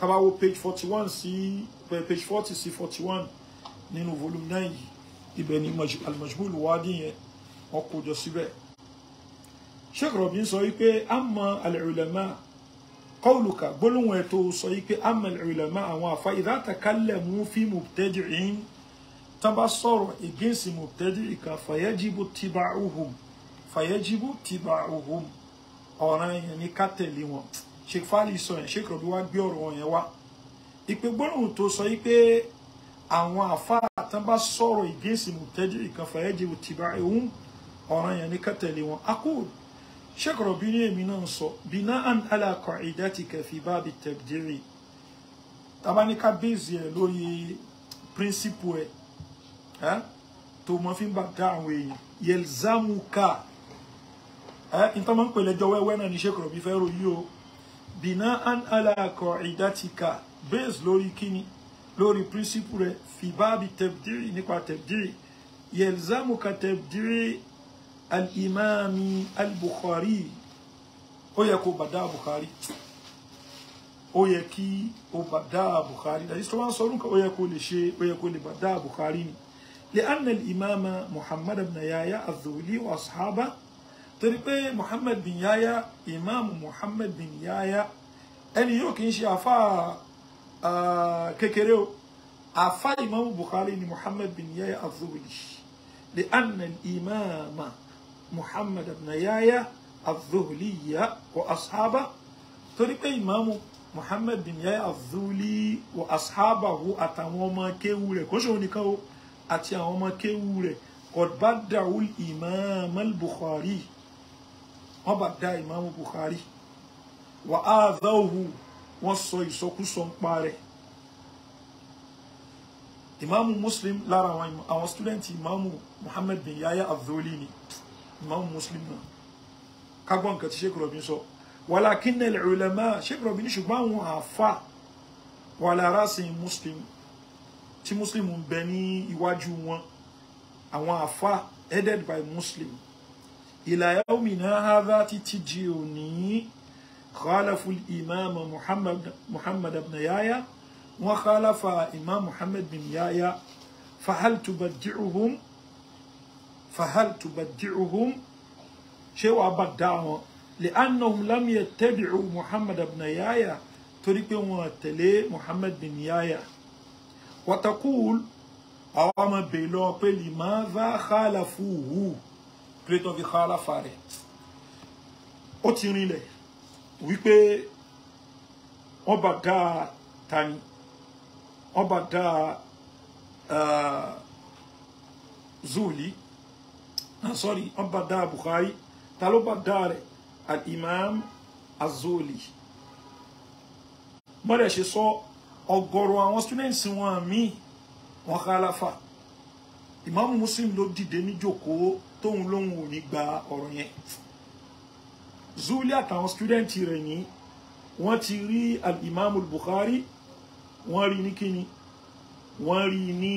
ká bá wo page forty one sí eh, page forty sí forty one nínú volume nine yìí ibẹ̀ ni al-majmul wadi yẹn wọ́n kó jọ síbẹ̀ sheikh robin sọ yìí pé amma al-ulama qawluka gbólóhùn ẹ̀ tó sọ yìí pé amma al-ulama àwọn àfa idha takallamu fi mubtadi'in tán bá sọ̀rọ̀ against mubtadi'i kan fayajibu tiba'uhum fayajibu tiba'uhum ọ̀ràn yẹn ni ká tẹ̀lé wọn sheikh fali sọ yẹn sheikh rọbí wá gbé ọ̀rọ̀ yẹn wá ìpè gbólóhùn tó sọ yìí pé àwọn àfáà tán bá sọ̀rọ̀ ìgbésìn mùtẹ́jú ìkànfà ẹ̀jẹ̀ òtìbá ẹ̀hún ọ̀ràn yẹn ní ká tẹ̀lé wọn akóòdù sheikh rọbí ní èmi náà sọ bina'an ala qa'idatika fi babi tabdiri tabanika bèzì ẹ lórí píríncípù ẹ ẹ tó mọ fi ń bá dá àwọn èèyàn yelzamuka ẹ nítorí wọn ń pè lẹ́jọ́ wẹ́wẹ́ náà ní sheikh rọbí fẹ́ ròyìn o. بناء على قاعدتك بس لوري كيني لوري برينسيبول في باب التبديع نكوا تبديع يلزمك تبديع الامام البخاري او يكو بدا بخاري او يكي او بدا بخاري دا يستوا سورونك او يكو لي او يكو لي بخاري لان الامام محمد بن يايا الذولي واصحابه torí pé Muhammad bin Yahya imam Muhammad bin Yahya ẹni yóò kì í ṣe àfa kékeré o àfa imam Bukhari ni Muhammad bin Yahya az-Zuhli li anna imam Muhammad bin Yahya az-Zuhli wa ashaba torí pé imam Muhammad bin Yahya az-Zuhli wa ashabahu àtàwọn ọmọ kéwú rẹ̀ kó ṣòwò nìkan o àti àwọn ọmọ kéwú rẹ̀ qad badda'u bukhari wọ́n bá dá ìmáàmù Bukhari wà á dáhù wọ́n sọ ìsọkúsọ ń pa rẹ̀ ìmáàmù Muslim lára àwọn stúdẹ̀ntì ìmáàmù Muhammad bin Yahya Adh-Dhuli ni ìmáàmù Muslim náà kágbọ́n nǹkan tí Sheikh Rabi sọ walakin al-ulama Sheikh Rabi ní ṣùgbọ́n àwọn àáfà wà lára Muslim tí Muslim ń bẹ ní iwájú wọn àwọn àáfà headed by Muslim. إلى يومنا هذا تتجيوني خالف الإمام محمد محمد بن يايا وخالف إمام محمد بن يايا فهل تبدعهم فهل تبدعهم شيء أبدعهم لأنهم لم يتبعوا محمد بن يايا تريكم وتلي محمد بن يايا وتقول أو ما بلو لماذا خالفوه kílé tó fi ká aláfa rẹ̀ ó ti rinlẹ̀ wípé wọ́n bá dá tani wọ́n bá dá Zuhli ah, sorry wọ́n bá dá Bukhari ta ló bá dá rẹ̀ al-Imam Azuli. zuhli mọ́rẹ̀ ṣe sọ ọ̀gọ̀rọ̀ àwọn students wọn míì wọn ká aláfa Imam Muslim ló dìde níjòkó tóun lóun ò ní gba ọ̀rọ̀ yẹn Zuli àtàwọn stúdẹ̀ǹtì rẹ̀ ní wọ́n ti rí alimami Bukhari wọ́n rí ní kíni wọ́n rí ní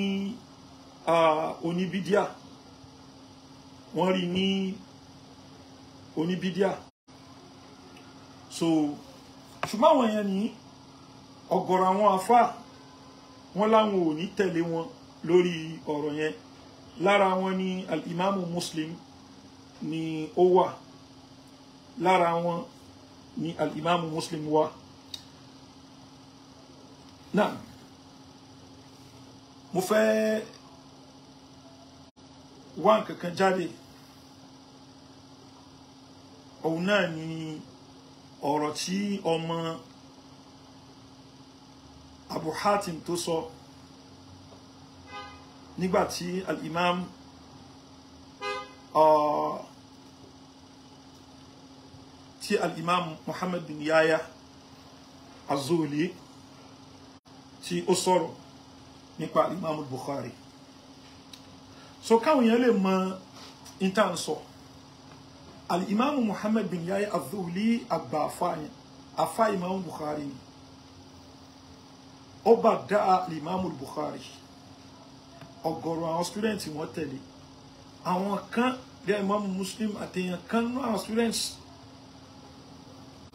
oníbídíà wọ́n rí ní oníbídíà so ṣùgbọ́n àwọn èèyàn ní ọ̀gọ̀rọ̀ àwọn afá wọn láwọn ò ní tẹ̀lé wọn lórí ọ̀rọ̀ yẹn lára wọn ni al-imamu muslim ni ó wà lára wọn ni al-imamu muslim wà náà mo fẹ́ wá nǹkan jáde òun náà ni ọ̀rọ̀ tí ọmọ Abu Hatim tó sọ. So, nígbà tí al-imam uh, tí al-imam Muhammad bin Yahya az-Zuhli tí ó sọ̀rọ̀ nípa al-imam Bukhari so káwọn yẹn lè mọ intan sọ al-imam Muhammad bin Yahya az-Zuhli àgbà afáyín imam Bukhari ni ó bá al-imam Bukhari ọ̀gọ̀rọ̀ àwọn students wọ́n tẹ̀lé àwọn kan dé imam muslim àtẹ̀yàn kan nú àwọn students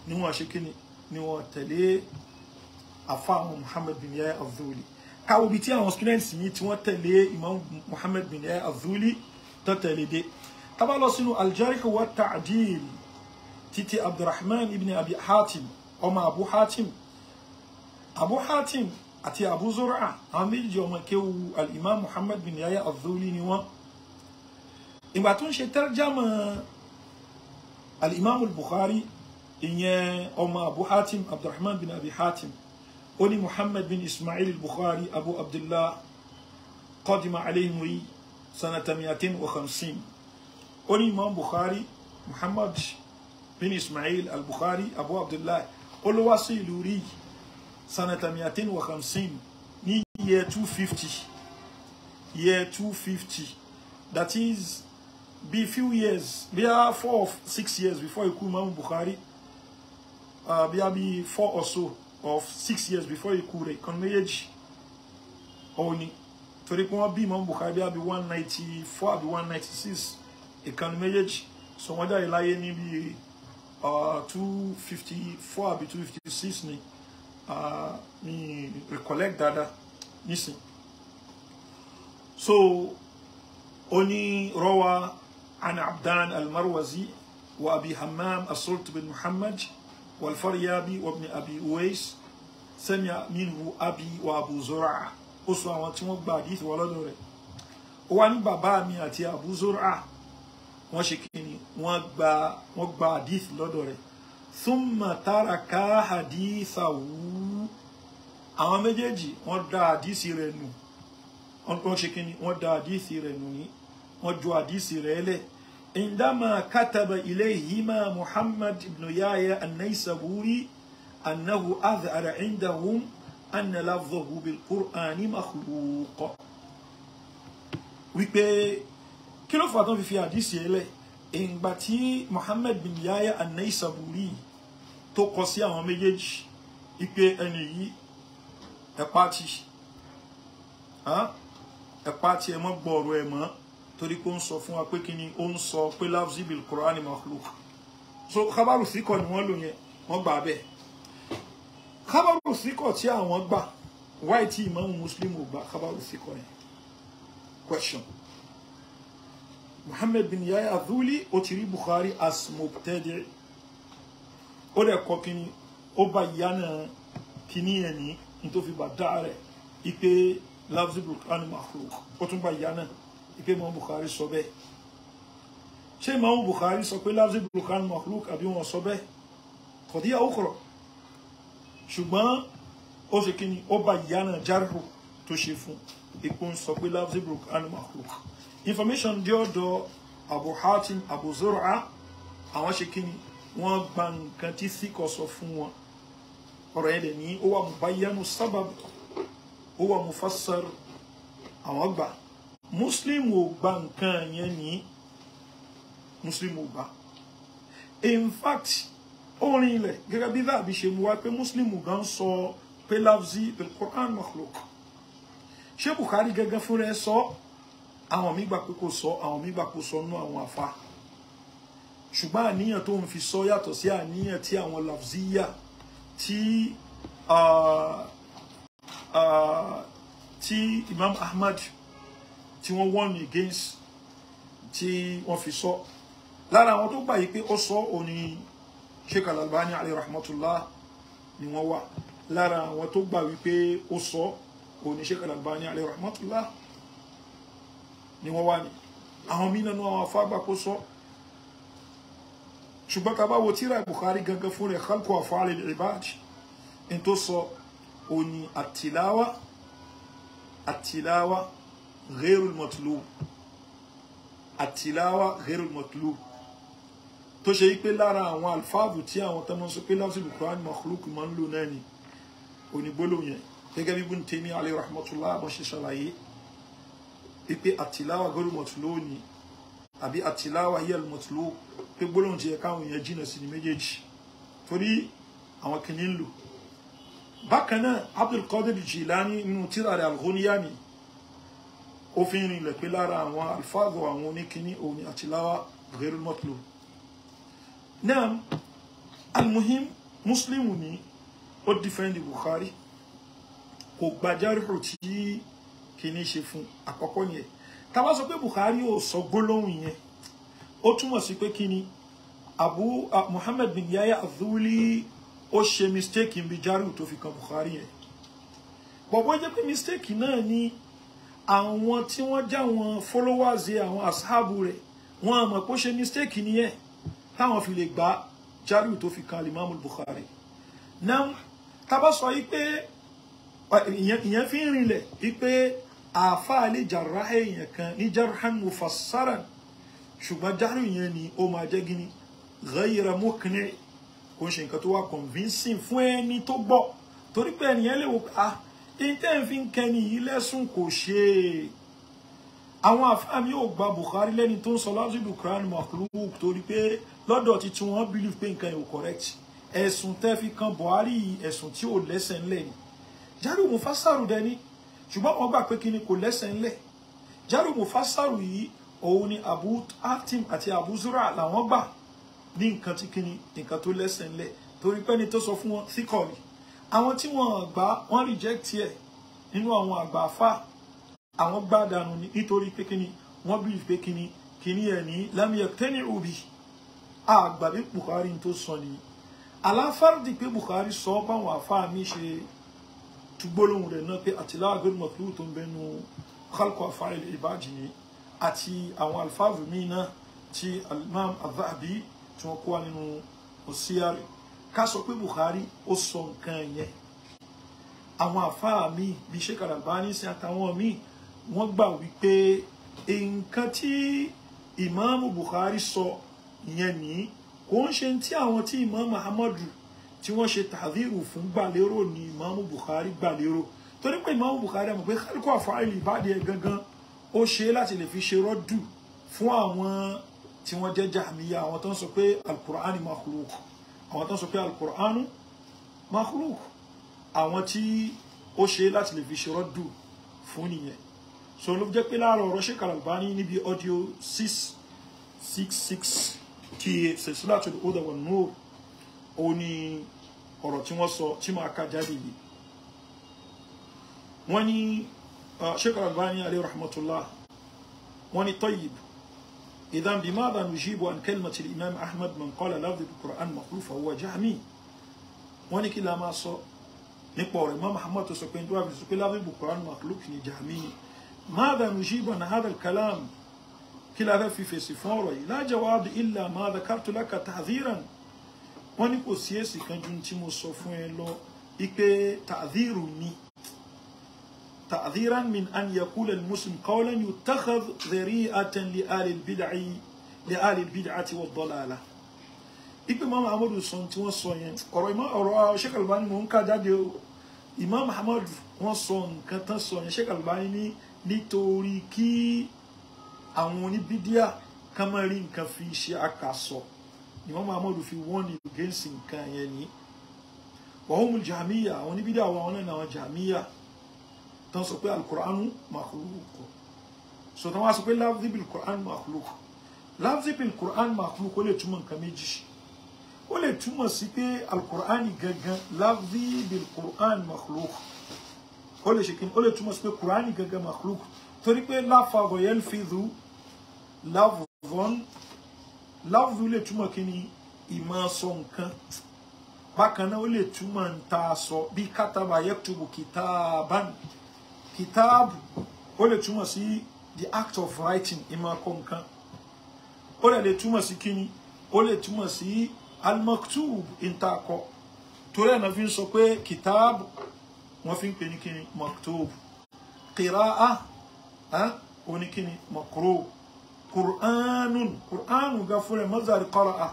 ni wọ́n ṣe kí ni wọ́n tẹ̀lé afáwọn muhammed bin yahya azuli káwo bíi tí àwọn students mi tí wọ́n tẹ̀lé imam muhammed bin yahya azuli tó tẹ̀lé dé tá bá lọ sínú aljarh wa ta'dil títí abdulrahman ibn abi hatim ọmọ abu hatim abu hatim àti Abu Zur'a àwọn méjì ọmọ kéwu al-Imam Muhammad bin Yahya al-Dhuli ni wọ́n ìgbà tó ń ṣe tarjama al-Imam al-Bukhari ìyẹn ọmọ Abu Hatim Abdurrahman bin Abi Hatim ó ní Muhammad bin Ismail al-Bukhari Abu Abdullah qadima alayhi sanata miatin wa khamsin ó ní Imam Bukhari Muhammad bin Ismail al-Bukhari Abu Abdullah ó ìlú rí yìí sanata miatin wa hamsin ní year 250 year 250 that is be few years be a four or six years before ikú mamu Bukhari uh, be a be four or so of six years before ikú rẹ̀ kan méjèèjì òní torí pé wọ́n bí Imam Bukhari be a be one ninety four be one ninety six. méjèèjì so wọ́n jáde láyé uh, fifty four be two fifty six ni mi recollect dáadáa nísìn so oni rawa an abdan almarwazi wa abi hammam asult bin muhammad والفريابي وابن أبي أويس سمع منه أبي وأبو زرعة أسوة وانتموا بحديث ولا نوري وان بابا مي أتي أبو زرعة وان شكيني وان با, با حديث لدوري súnmọ̀ tára ká àdìsà wú àwọn méjèèjì wọ́n da àdìsí rẹ̀ nù wọ́n ṣe kínní wọ́n da àdìsí rẹ̀ nù ní wọ́n ju àdìsí rẹ̀ lẹ̀ indama kataba ilayhima muhammad ibn yahya an-naysaburi annahu adhara indahum anna lafzahu bil qur'ani makhluq wípé kí ló fà tán fi fi àdìsí rẹ̀ lẹ̀ ìgbà tí muhammad ibn yahya an tó kọ sí àwọn méjèèjì ipe ẹni yìí ẹ pàtì ẹ pàtì ẹ mọ́ gbọ́ọ̀rọ̀ ẹ mọ́ torí pé ó ń sọ fún wa pé kí ni ó ń sọ pé lafzi bil Qur'ani makhluk so kábàrù síkọ ni wọ́n lò yẹn wọ́n gbà bẹ́ẹ̀ kábàrù síkọ tí àwọn gbà wáyé tí Imam Muslim ò gbà kábàrù síkọ yẹn question Muhammad bin Yahya Adhuli o ti rí Bukhari as mubtadi' ó dẹ̀ kọ́ kínní ó bá ìyá náà kínní yẹn ní ní tó fi ba dá rẹ̀ ipe lafzi burúkán makhluk ó tún bá ìyá náà ipe mọ́ Bukhari sọ bẹ́ẹ̀ ṣé Imam Bukhari sọ pé lafzi burúkán makhluk àbí wọn sọ bẹ́ẹ̀ kọ̀díyà ó kọ̀rọ̀ ṣùgbọ́n ó ṣe kínní ó bá ìyá náà járù tó ṣe fún ipò ń sọ pé lafzi burúkán makhluk information dí ọ̀dọ̀ Abu Hatim Abu Zur'a àwọn ṣe kínní wọ́n gba nǹkan tí síkọ̀ sọ fún wọn ọ̀rọ̀ yẹn dẹ̀ ní ó wà mubayyanu sábàbù ó wà mufassar àwọn gbà muslim ò gba nǹkan yẹn ní muslim ò gbà in fact orin ilẹ̀ gẹ́gẹ́ bí dáàbí ṣe mú wa pé muslim gan sọ pé lafzi bil quran makhluk ṣé bukhari gẹ́gẹ́ fúnra ẹ sọ àwọn mi gbà pé kò sọ àwọn mi gbà kò sọ nú àwọn afa ṣùgbọ́n àníyàn tó ń fi sọ yàtọ̀ sí àníyàn tí àwọn lafziya tí tí Imam Ahmad tí wọ́n wọ́n ní against tí wọ́n fi sọ lára àwọn tó gbà yí pé ó sọ òní Sheikh Al-Albani alayhi rahmatullah ni wọ́n wà lára àwọn tó gbà wípé ó sọ òní Sheikh Al-Albani alayhi ni wọ́n wà ní àwọn mí nínú àwọn afágbà kó ṣùgbọ́n tá a bá wo tíra Bukhari gangan fún rẹ̀ khalqu af'al al-ibad n tó sọ òní àtìláwá àtìláwá ghairul matlub àtìláwá ghairul matlub tó ṣe yí pé lára àwọn alfáàbù tí àwọn tó máa ń sọ pé lafzul Qur'an makhluk máa ń lò náà ni onígbólóhùn yẹn gẹ́gẹ́ bí Ibn Taymiyyah alayhi rahmatullah bó ṣe ṣàlàyé pípé àtìláwá ghairul matlub àbí àtìláwá hiya pé gbólóhùn ti yẹ káwọn èèyàn jìnnà sí ni méjèèjì torí àwọn kìíní ń lò bákan náà Abdulkadir Jilani nínú tírà rẹ̀ Al-Ghuniya ni ó fi ń rinlẹ̀ pé lára àwọn alfáàdù àwọn oníkìíní òun àti láwa ghairul matlub náà almuhim muslim ni ó dìfẹ́ndì Bukhari kò gbajárò tí kìíní ṣe fún àkọ́kọ́ yẹn tá a bá sọ pé Bukhari ò sọ gbólóhùn yẹn ó túmọ̀ sí pé kí ni abu uh, muhammad bin yahya adhuli ó ṣe mistake níbi jariu tó fi kan bukhari yẹn bọ̀bọ̀ jẹ́ pé mistake náà ni àwọn tí wọ́n já wọn followers yẹ àwọn asahabu rẹ̀ wọ́n àmọ̀ pé ó ṣe mistake nìyẹn táwọn fi lè gba jariu tó fi kan alimami bukhari náà tábà sọ yìí pé ìyẹn fi ń rinlẹ̀ yìí pé àáfàá lè jàrá èèyàn kan ní jarhan mufassaran ṣùgbọ́n járù yẹn ni ó máa jẹ́ gíní ghayra mukni kò ṣe nǹkan tó wà convincing fún ẹni tó gbọ́ torí pé ẹni yẹn lè wò pé ah ìtẹ́ ń fi ń kẹni yìí lẹ́sùn kò ṣe é àwọn àfáàmì ò gba Bukhari lẹ́ni tó ń sọ lásìkò Quran makhluk torí pé lọ́dọ̀ ti tí wọ́n believe pé nǹkan yẹn ò correct ẹ̀sùn tẹ́ fi kan Buhari ẹ̀sùn tí ò lẹ́sẹ̀ ńlẹ̀ ni járù mufasaru dẹni ṣùgbọ́n wọ́n gbà pé kíni kò lẹ́sẹ̀ ńlẹ̀ járù mufasaru yìí òun ni abu actim àti abu zura làwọn gbà ní nǹkan tí kíni nǹkan tó lẹ́sẹ̀ ńlẹ̀ torí pé ni tó sọ fún wọn síkọ̀ rí àwọn tí wọ́n gbà wọ́n reject ẹ̀ nínú àwọn àgbà àfà àwọn gbà dànù nítorí pé kíni wọ́n bí pé kíni kíni ẹ̀ ní lámìyẹ tẹ́ni òbí àgbà bí Bukhari tó sọ nìyí aláfáàdì pé Bukhari sọ báwọn àfà mi ṣe túgbólóhùn rẹ̀ náà pé àtìláàgbé mọ̀tò tó ń bẹnu kálkọ̀ àfà ilẹ̀ ìbàdí nìyí àti àwọn alfáàvù mi náà tí alimam azabi tí wọ́n kó wa nínú òsíàrè ká sọ pé Bukhari ó sọ nǹkan yẹn àwọn àfáà míì bíi Sheikh Albani sí àtàwọn míì wọ́n gbà wípé nǹkan tí ìmáàmù Bukhari sọ yẹn ní kò ń ṣe tí àwọn tí ìmáàmù Muhammadu tí wọ́n ṣe tàdírù fún gbàlérò ni ìmáàmù Bukhari gbàlérò torí pé ìmáàmù Bukhari àmọ̀ pé kálíkò àfáà ìlú ìbàdí ẹ̀ gangan ó ṣe é láti lè fi ṣe rọ́dù fún àwọn tí wọ́n jẹ́ jàmíyà àwọn tó ń sọ pé alukur'ani makhluq àwọn tó ń sọ pé alukur'anu makhluq àwọn tí ó ṣe láti lè fi ṣe rọ́dù fún nìyẹn so ló jẹ́ pé láàárọ̀ ọ̀rọ̀ Sheikh al níbi audio six six six ti Silsilatul Huda wan Nur ó ní ọ̀rọ̀ tí wọ́n sọ tí máa ka jáde yìí wọ́n ní. Ah, Sheikh Al-Albani alayhi rahmatullah wọ́n ní tayyib idan bi madha nujibu an kalimati al-imam ahmad man qala lafdh al-quran makhluf fa huwa jahmi wọ́n ní kí la máa sọ nípa ọ̀rọ̀ imam ahmad tó sọ pé nítorí àbí sọ pé lafdh al-quran makhluf ni jahmi ni madha nujibu an hadha al-kalam kí la fẹ́ fi fèsì fún ọ̀rọ̀ yìí la jawab illa ma dhakartu laka tahdhiran wọ́n ní kò sí èsì kan ju tí mo sọ fún ẹ lọ ipe tahdhiru ni تعذيرا من أن يقول المسلم قولا يتخذ ذريئة لآل البدع لآل البدعة والضلالة ipe imam ahmadu sọ tí wọ́n sọ yẹn ọ̀rọ̀ imam ọ̀rọ̀ ah, sheikh albani mò ń ka jáde o imam ahmadu wọ́n sọ nǹkan tán sọ yẹn sheikh albani ní nítorí kí àwọn oníbídíà kan máa rí nǹkan fi ṣe àkàsọ imam ahmadu fi wọ́n ní against nǹkan yẹn ni wàhùn jàmíyà àwọn oníbídíà àwọn náà ní àwọn jàmíyà tán sọ pé alukoranu makuluku so tán wá sọ pé lafzibil koranu makuluku lafzibil koranu makuluku ó lè túmọ̀ nǹkan méjì ó lè túmọ̀ sí pé alukorani gangan lafzibil koranu makuluku ó lè ṣe kí ni ó lè túmọ̀ sí pé korani gangan makuluku torí pé láfàgọ̀ yẹn fi dù láfùvọ́n láfùvù lè túmọ̀ kí ni ìmọ̀ sọ nǹkan bákan náà ó lè túmọ̀ ń ta sọ bí kátàbà yaktubu kitaban kitab ó lè túmọ̀ sí the act of writing ìmọ̀ kọ nǹkan ó lè túmọ̀ sí kíni ó lè túmọ̀ sí almaktub intakọ torí ẹ̀ fi sọ pé kitab wọ́n fi ń pè ní maktub qira'a ha? Ah, oní kíni makro qur'anun qur'anu ga fúnra mazari qara'a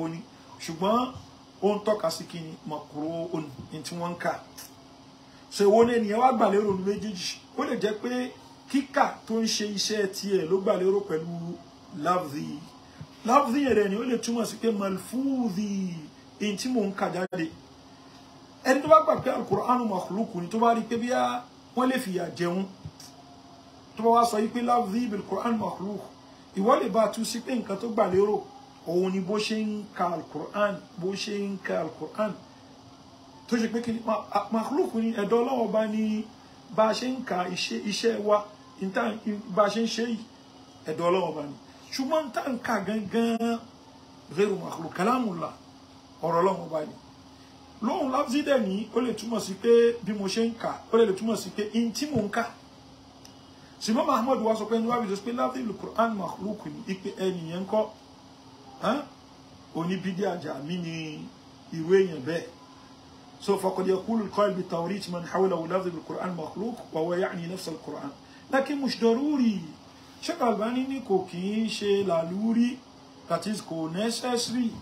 oní ṣùgbọ́n ó ń tọ́ka sí kíni makro oní tí wọ́n ń so èwo ni ènìyàn wá gbàlérò ní méjèèjì ó lè jẹ́ pé kíkà tó ń ṣe iṣẹ́ tiẹ̀ ló gbàlérò pẹ̀lú lafzi lafzi rẹ̀ ni ó lè túmọ̀ sí pé malfúzi èyí tí mò ń kà jáde ẹni tó bá gbà pé alukur'anu makhluku ni tó bá rí pé bí wọ́n lè fìyà jẹun tó bá wá sọ yìí pé lafzi bil kur'an makhluku ìwọ lè bá a tú sí pé nǹkan tó gbàlérò òun ni bó ṣe ń ka alukur'an bó ṣe ń ka alukur'an tó ṣe pé kíni makhluku ni ẹ̀dọ́ ọlọ́wọ́ bá ní bá ṣe ń ka iṣẹ́ wa bá a ṣe ń ṣe yìí ẹ̀dọ́ ọlọ́wọ́ bá ní ṣùgbọ́n tá ń ka gangan ghayru makhluku kalamullah ọ̀rọ̀ ọlọ́wọ́ bá ní lóhun lábísí dẹ̀ ní ó lè túmọ̀ sí pé bí mo ṣe ń kà ó lè túmọ̀ sí pé in tí mò ń kà simon mahmood wa sọ pé níwájú ìjọsìn pé láti ìlú quran makhluk ni ipe ẹnìyẹn ń kọ́ oníbídí àjà mi ni irú èèyàn bẹ́ẹ̀ So فقد يقول القائل بالتوريث من حوله لفظ بالقرآن مخلوق وهو يعني نفس القرآن لكن مش ضروري Sheikh Albani ní kò kì í ṣe làlúrí that is kò necessary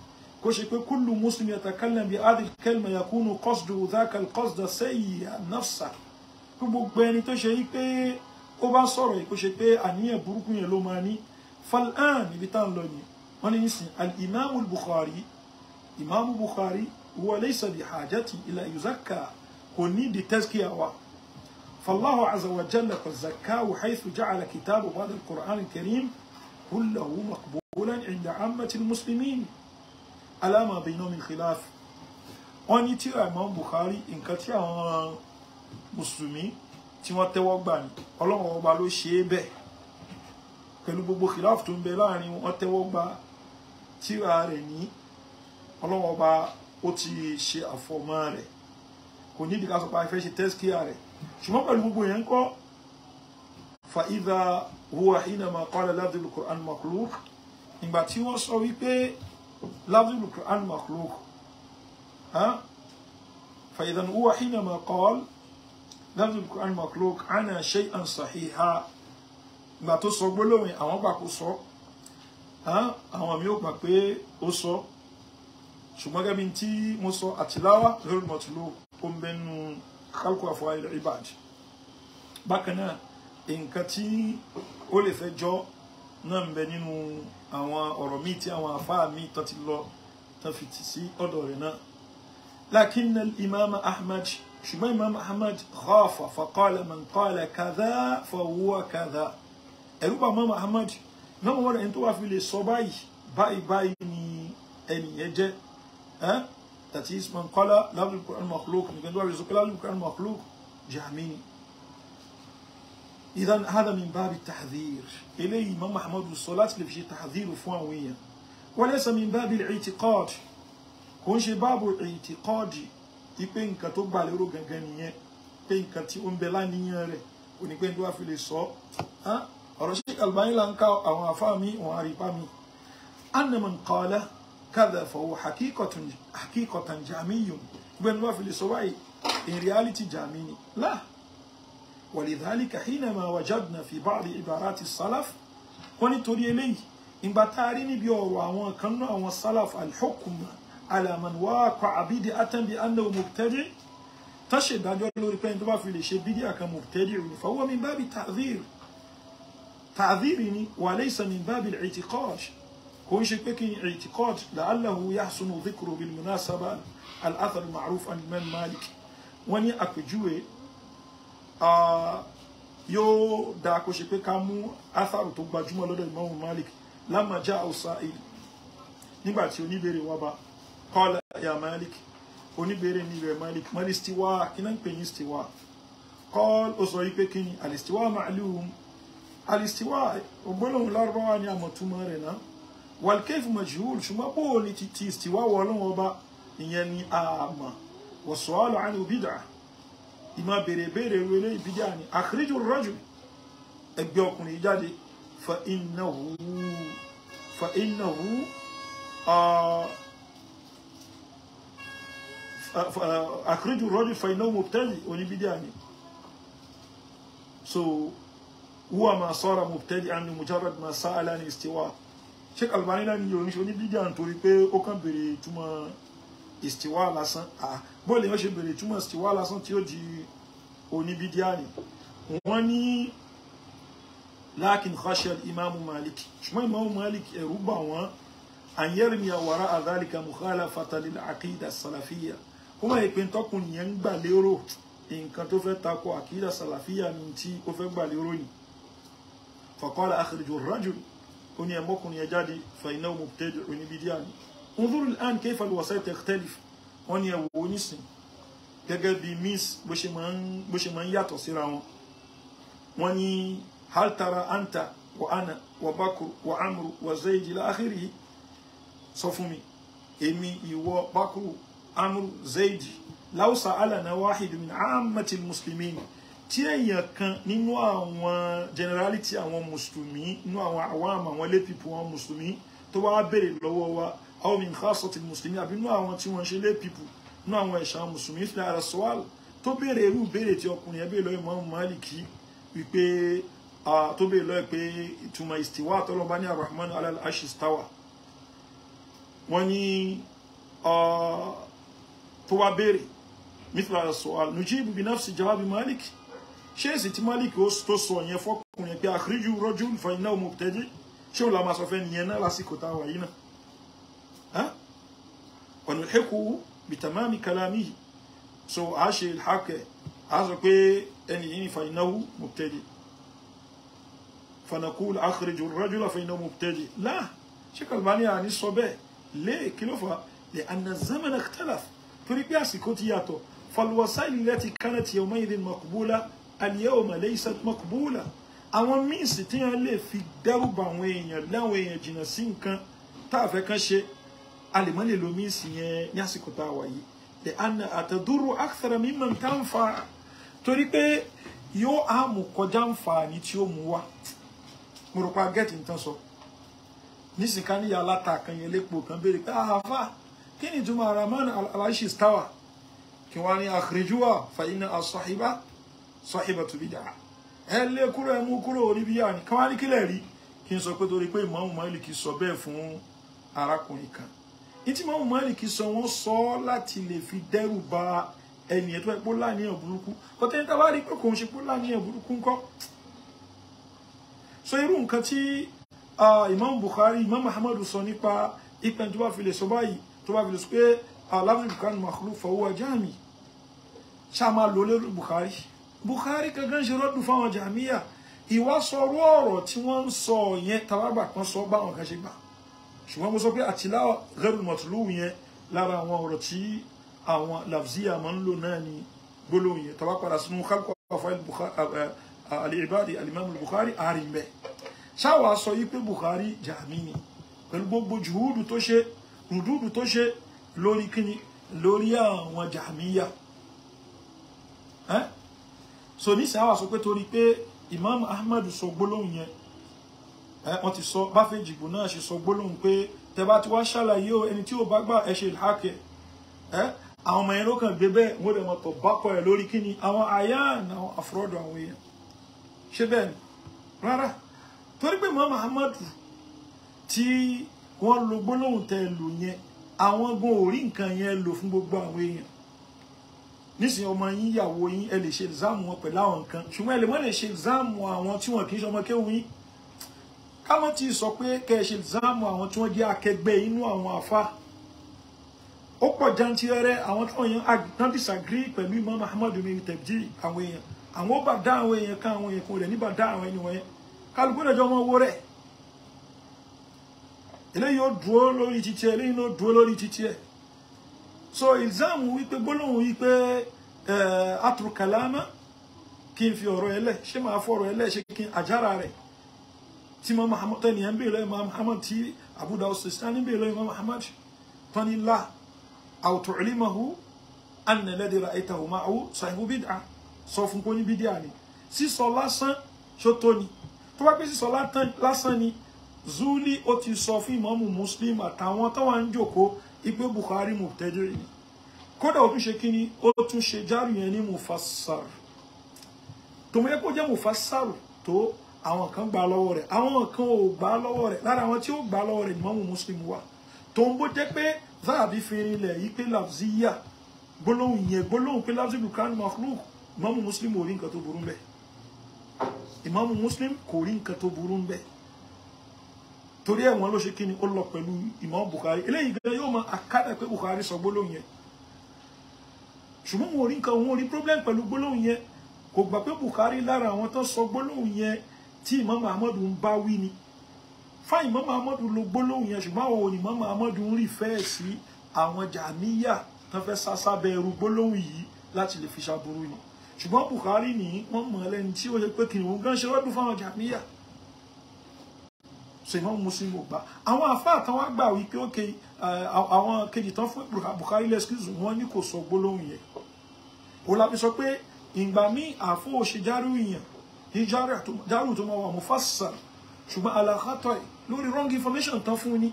kò ṣe pé كل مسلم يتكلم بهذه الكلمة يكون قصده ذاك القصد سيء نفسه pé gbogbo ẹni tó ṣe pé ó bá sọ̀rọ̀ yìí kó ṣe pé àníyàn burúkú yẹn ló máa ní fal'an ibi tá à ń lọ yìí wọ́n ní nísìnyí al-Imam al-Bukhari Imam Bukhari huwa laysa bihajati ila yuzakka kò ní di tazkiya wa fallahu azza wa jalla qad zakkahu haythu ja'ala kitabu ba'da al-qur'an al-karim kullahu maqbulan 'inda 'ammati al-muslimin ala ma baynahum min khilaf wọ́n ní tírà imam bukhari nǹkan tí àwọn mùsùlùmí tí wọ́n tẹ́wọ́ gbà ní ọlọ́run ọba ló ṣe é bẹ́ẹ̀ pẹ̀lú gbogbo khilaf tó ń bẹ láàrin wọn tẹ́wọ́ gbà tírà rẹ̀ ní ọlọ́run ọba ó ti ṣe àfọmọ́ rẹ̀ kò ní ìdíkà sọ pé a fẹ́ ṣe tẹ́síkíà rẹ̀ ṣùgbọ́n pẹ̀lú gbogbo yẹn ń kọ́ fa idha huwa hina ma qala lafdhul Qur'an makhluq ìgbà tí wọ́n sọ wípé lafdhul Qur'an makhluq fa idha huwa hina ma qala lafdhul Qur'an makhluq ana shay'an sahiha ìgbà tó sọ gbólóhùn àwọn gbà kó sọ àwọn mi ò gbà pé ó sọ. So ṣùgbọ́n gẹ́gẹ́ bí tí mo sọ àtìláwá lórí mọ̀túlò ó ń bẹnu kálukú àfọwá ilẹ̀ ibad bákan náà nǹkan tí ó lè fẹ́ jọ náà ń bẹ nínú àwọn ọ̀rọ̀ míì tí àwọn àfáà míì tó ti lọ tó fi tì sí ọ̀dọ̀ rẹ̀ náà lakin al-imam ahmad ṣùgbọ́n imam ahmad khafa faqala man qala kadha fahuwa ẹ̀rú bá imam ahmad náà wọ́n rẹ̀ ń tó wá fi lè sọ báyìí báyìí báyìí ni ẹnìyẹn jẹ́ ها تاتيس من قال لفظ القرآن مخلوق من كان بيزق لفظ القرآن مخلوق جهمي إذا هذا من باب التحذير الي الإمام محمود الصلاة اللي في تحذير فوانوية وليس من باب الاعتقاد كون شي باب الاعتقاد يبين nkan tó gbà lérò كتي nìyẹn pé nkan tí ó ń bẹ láníyàn rẹ onígbẹ́ndó wa fi lè sọ ọ̀rọ̀ sí Albani là ń كذا فهو حقيقة حقيقة جامي when ما في السواي in reality جاميني لا ولذلك حينما وجدنا في بعض عبارات السلف ونتوري إليه إن بتاريني بيو وعوان كنا عوان السلف الحكم على من واقع أتم بأنه مبتدع تشهد أن يقول ريبين دوا في الشيء أكا مبتدع فهو من باب التعذير تعذيرني وليس من باب الاعتقاد kò ń ṣe pé kí n i'tiqad la'allahu yahsunu dhikru bil munasaba al-athar al-ma'ruf an imam malik wọ́n ní àpèjúwe yóò dáa kó ṣe pé ká mú atharu tó gbajúmọ̀ lọ́dọ̀ imam malik lamma ja'a sa'il nígbà tí oníbèrè wá bá qala ya malik oníbèrè ní rẹ̀ malik mali stiwa kí ń pè ní stiwa qala ó sọ yí kí ni al-istiwa ma'lum al lárúbáwá ni àmọ̀túmọ̀ rẹ̀ náà wàlkéèfù majhul ṣùgbọ́n bó o ní títí ìsìwáwọ̀ ọlọ́run ọba ìyẹn ni àmà wọ̀sọ̀ọ́lọ̀ àni òbídà ìmọ̀ béèrè béèrè wẹlé ìbídà ni àkíríjù rọ́jù ẹgbẹ́ ọkùnrin jáde fa innahu fa innahu àkíríjù rọ́jù fa innahu mubtadi oníbídà ni so huwa ma sara mubtadi àni mujarrad ma sa'ala ni istiwa. Sheikh Albani náà ni òun ṣe oníbídíà nítorí pé ó kàn béèrè ìtumọ̀ ìstìwá lásán bóòlù yẹn ṣe béèrè ìtumọ̀ ìstìwá lásán tí ó di oníbídíà ni wọ́n ní lakin khashal imamu malik ṣùgbọ́n imamu malik ẹ̀rú bà wọ́n an yarmiya wara adhalika mukhalafatan lil aqida salafiyya ó máa yẹ pé yẹn ń gbà lérò nǹkan tó fẹ́ takò àkídà salafiyya ni tí ó fẹ́ gbà lérò ni faqala akhriju ar-rajul ó ní ẹmọkùnrin yẹn jáde fàyínà mubtadi oníbídíà ni unzuru al-an kayfa al-wasa'il takhtalif wọn ní ẹwọ onísìn gẹ́gẹ́ bí miss bó ṣe máa ń yàtọ̀ síra wọn wọn ní hal tara anta wa ana wa bakr wa amru wa zayd ila akhirih sọ fún mi èmi ìwọ bakr amru zayd law sa'alana wahidun min ammati al-muslimin tí èèyàn kan nínú àwọn generality àwọn mùsùlùmí nínú àwọn awam àwọn lépipù àwọn mùsùlùmí tó wá béèrè lọ́wọ́ wa àwọn min khasati mùsùlùmí àbí nínú àwọn tí wọ́n ṣe lépipù nínú àwọn ẹ̀ṣà mùsùlùmí fi ara sọ́wọ́l tó béèrè irú béèrè tí ọkùnrin ẹ̀ béèrè lọ́wọ́ Imam Maliki wípé tó béèrè lọ́wọ́ pé ìtumọ̀ istiwa tọ́lọ́ba ní arahman alal ashistawa wọ́n ní tó wá béèrè mithla as-su'al nujibu bi nafsi jawabi Maliki ṣé èsì tí Malik tó sọ yẹn fọkùnrin pé àkíríjú rọjú fa iná ọmọ tẹ́jú ṣé ò la máa sọ fẹ́ nìyẹn náà lásìkò tá a wà yìí náà ọ̀nà ìhẹ́kù bìtàmáàmì kalami so a ṣe ìhàkẹ́ a sọ pé ẹni yìí fa iná ọmọ tẹ́jú fanakul àkíríjú rọjú fa iná ọmọ tẹ́jú láà ṣé Albani àní sọ bẹ́ẹ̀ lé kí ló fà lè àná zamana torí pé àsìkò ti yàtọ̀ falwasaili lati kanat yawmaidin maqbula al-yawma laysat maqbula àwọn míìsì tí wọ́n lè fi dẹ́rùbà àwọn èèyàn láwọn èèyàn jìnnà sí nǹkan tá a fẹ́ kán ṣe a lè má lè lo míìsì yẹn ní àsìkò tá a wà yìí lè anna àtàdúró akthara mimman tanfa torí pé yóò àmù kọjá nfààní tí ó mú wá mo rò pa gẹ́ẹ̀tì nǹkan sọ nísìnyí ká níyà aláta kan yẹn kan béèrè pé àhàfà ah, kí ni ìtumọ̀ Rahman al-Arshi kí wọ́n á ní akhrijuha fa inna as-sahiba sahibatu bid'ah ẹ lé kúrò ẹ mú kúrò orí bíyà ni káwá ní kílẹ̀ rí kí n sọ pé torí pé Ìmáàmù Málíkì sọ bẹ́ẹ̀ fún arákùnrin kan ìtí Ìmáàmù Málíkì sọ wọ́n sọ láti lè fi dẹ́rù ba ẹni ẹ̀ tó ẹ̀ pó láníyàn burúkú ọ̀tẹ́ni tá a rí pé kò ń ṣe pó láníyàn burúkú ńkọ́ so irú nǹkan tí Imam Bukhari Imam Muhammadu sọ nípa ìpẹ́ni tó bá fi lè sọ báyìí tó bá fi lè sọ pé alábìlì Bukhari makhluq fa huwa ṣáà máa lò lérò Bukhari. Bukhari gangan ṣe rọ́dùn fáwọn jàmíyà ìwà sọrú ọ̀rọ̀ tí wọ́n ń sọ yẹn tàbábà kan sọ báwọn kan ṣe gbà ṣùgbọ́n mo sọ pé àtìlá gẹ́rù mọ̀tìlú yẹn lára àwọn ọ̀rọ̀ tí àwọn lafziya máa ń lò náà ni gbólóhùn yẹn tàbá padà sínú kálkọ̀ àfáìl alìbáàdì alìmọ́mù Bukhari àárín eh, eh, bẹ́ẹ̀ ṣáwàá sọ yìí pé Bukhari jàmí ni pẹ̀lú gbogbo jùhúdù tó ṣe rùdúdù tó ṣe lórí kíni lórí àwọn jàmíyà. Eh? so nísìnyí àwọn sọ pé torí pé Imam Ahmed sọ gbólóhùn eh, wọ́n ti sọ Báfẹ́jìgbò náà ṣe sọ gbólóhùn pé tẹ bá ti wá ṣàlàyé o ẹni tí ò bá gbà ẹ ṣe ìlhàkẹ́ ẹ àwọn ọmọ yẹn ló kàn gbé bẹ́ẹ̀ wọ́n dẹ̀ mọ̀ tọ̀ bákọ̀ ẹ̀ lórí kíni àwọn àyà àwọn àfúrọ́dọ̀ àwọn èèyàn ṣé bẹ́ẹ̀ ni rárá Imam Ahmed tí wọ́n lo gbólóhùn tẹ lò yẹn àwọn gan ò rí nǹkan yẹn lò gbogbo àwọn èèyàn nísìnyí ọmọ yín yàwó yín ẹ lè ṣe ìzáàmù wọn pẹ̀lú àwọn nǹkan ṣùgbọ́n ẹ lè wọ́n lè ṣe ìzáàmù àwọn tí wọn kì í ṣọmọ kéwù yín káwọn ti sọ pé kẹ́ ẹ ṣe ìzáàmù àwọn tí wọ́n jẹ́ akẹgbẹ́ inú àwọn àfa ó pọ̀ jantirẹrẹ àwọn tí wọ́n yàn don disagree pẹ̀lú Imam Muhammadu mi tẹ̀bí àwọn èèyàn àwọn ó bá dá àwọn èèyàn kan àwọn èèyàn kan rẹ̀ níbà dá àwọn ẹni wọ̀nyẹn kálukú lè jọ ọmọ owó rẹ̀ eléyìí ó dúró lórí titi ẹ eléyìí ó dúró lórí titi ẹ so exam wípé gbólóhùn wípé eh, atrukalama kí n fi ọ̀rọ̀ ẹlẹ́ ṣé máa fọ ọ̀rọ̀ ẹlẹ́ ṣe kí n àjára rẹ̀ tí mo Muhammad tẹ́ni ẹ̀ ń bèèrè lọ́yìn Muhammad tí Abu Dawud Sistani ń bèèrè lọ́yìn Muhammad tani la aw tu'limahu anna alladhi ra'aytahu ma'ahu sahibu bid'a sọ fún kó ní bídíà ni sísọ lásán ṣótó ni tó bá pé sísọ lásán ni Zuli ó ti sọ fún Ìmáàmù Muslim àtàwọn táwọn ń jòkó ipe Bukhari mubtadi kódà ó tún ṣe kí ni ó tún ṣe járù yẹn ní mufassar tó mọ̀ yẹ kó jẹ́ mufassar tó àwọn kan gbà lọ́wọ́ rẹ̀ àwọn kan ò gbà lọ́wọ́ rẹ̀ lára àwọn tí ó gbà lọ́wọ́ rẹ̀ ni mọ́mú muslim wà tó ń bó jẹ́ pé záàbí fi rinlẹ̀ yìí pé lafziya gbólóhùn yẹn gbólóhùn pé lafzi bukhari makhluk mọ́mú muslim ò rí nǹkan tó burú ń bẹ̀ ìmọ̀mú muslim kò rí nǹkan tó burú ń bẹ̀ torí ẹ̀wọ̀n ló ṣe kí ni ó lọ pẹ̀lú Imam Bukhari eléyìí gan yóò mọ àkádà pé Bukhari sọ gbólóhùn yẹn ṣùgbọ́n wọn ò rí nǹkan wọn ò rí problem pẹ̀lú gbólóhùn yẹn kò gbà pé Bukhari lára àwọn tó sọ gbólóhùn yẹn tí Imam Ahmadu ń bá wí ni fáyìn Imam Ahmadu lo gbólóhùn yẹn ṣùgbọ́n àwọn òní Imam Ahmadu ń rí fẹ́ẹ̀ sí àwọn jàmíyà tó fẹ́ sásá bẹ gbólóhùn yìí láti lè fi ṣàbúrú ni ṣùgbọ́n Bukhari ni wọ́n mọ̀ ẹ́ lẹ́ni tí ó ṣe pé kìnìún gan ṣe rọ́dún fáwọn jàmíyà so Imam Muslim ò gbà àwọn àfáà tán wá wípé ókè eh, àwọn kejì tán fún Bukhari lẹ́skúzù wọn ní kò sọ gbólóhùn yẹn ó lábí sọ pé ìgbà míì àfó òṣè járù ìyàn ní járù tó máa wà mufassal ṣùgbọ́n ala khata'i lórí wrong information tán fún ni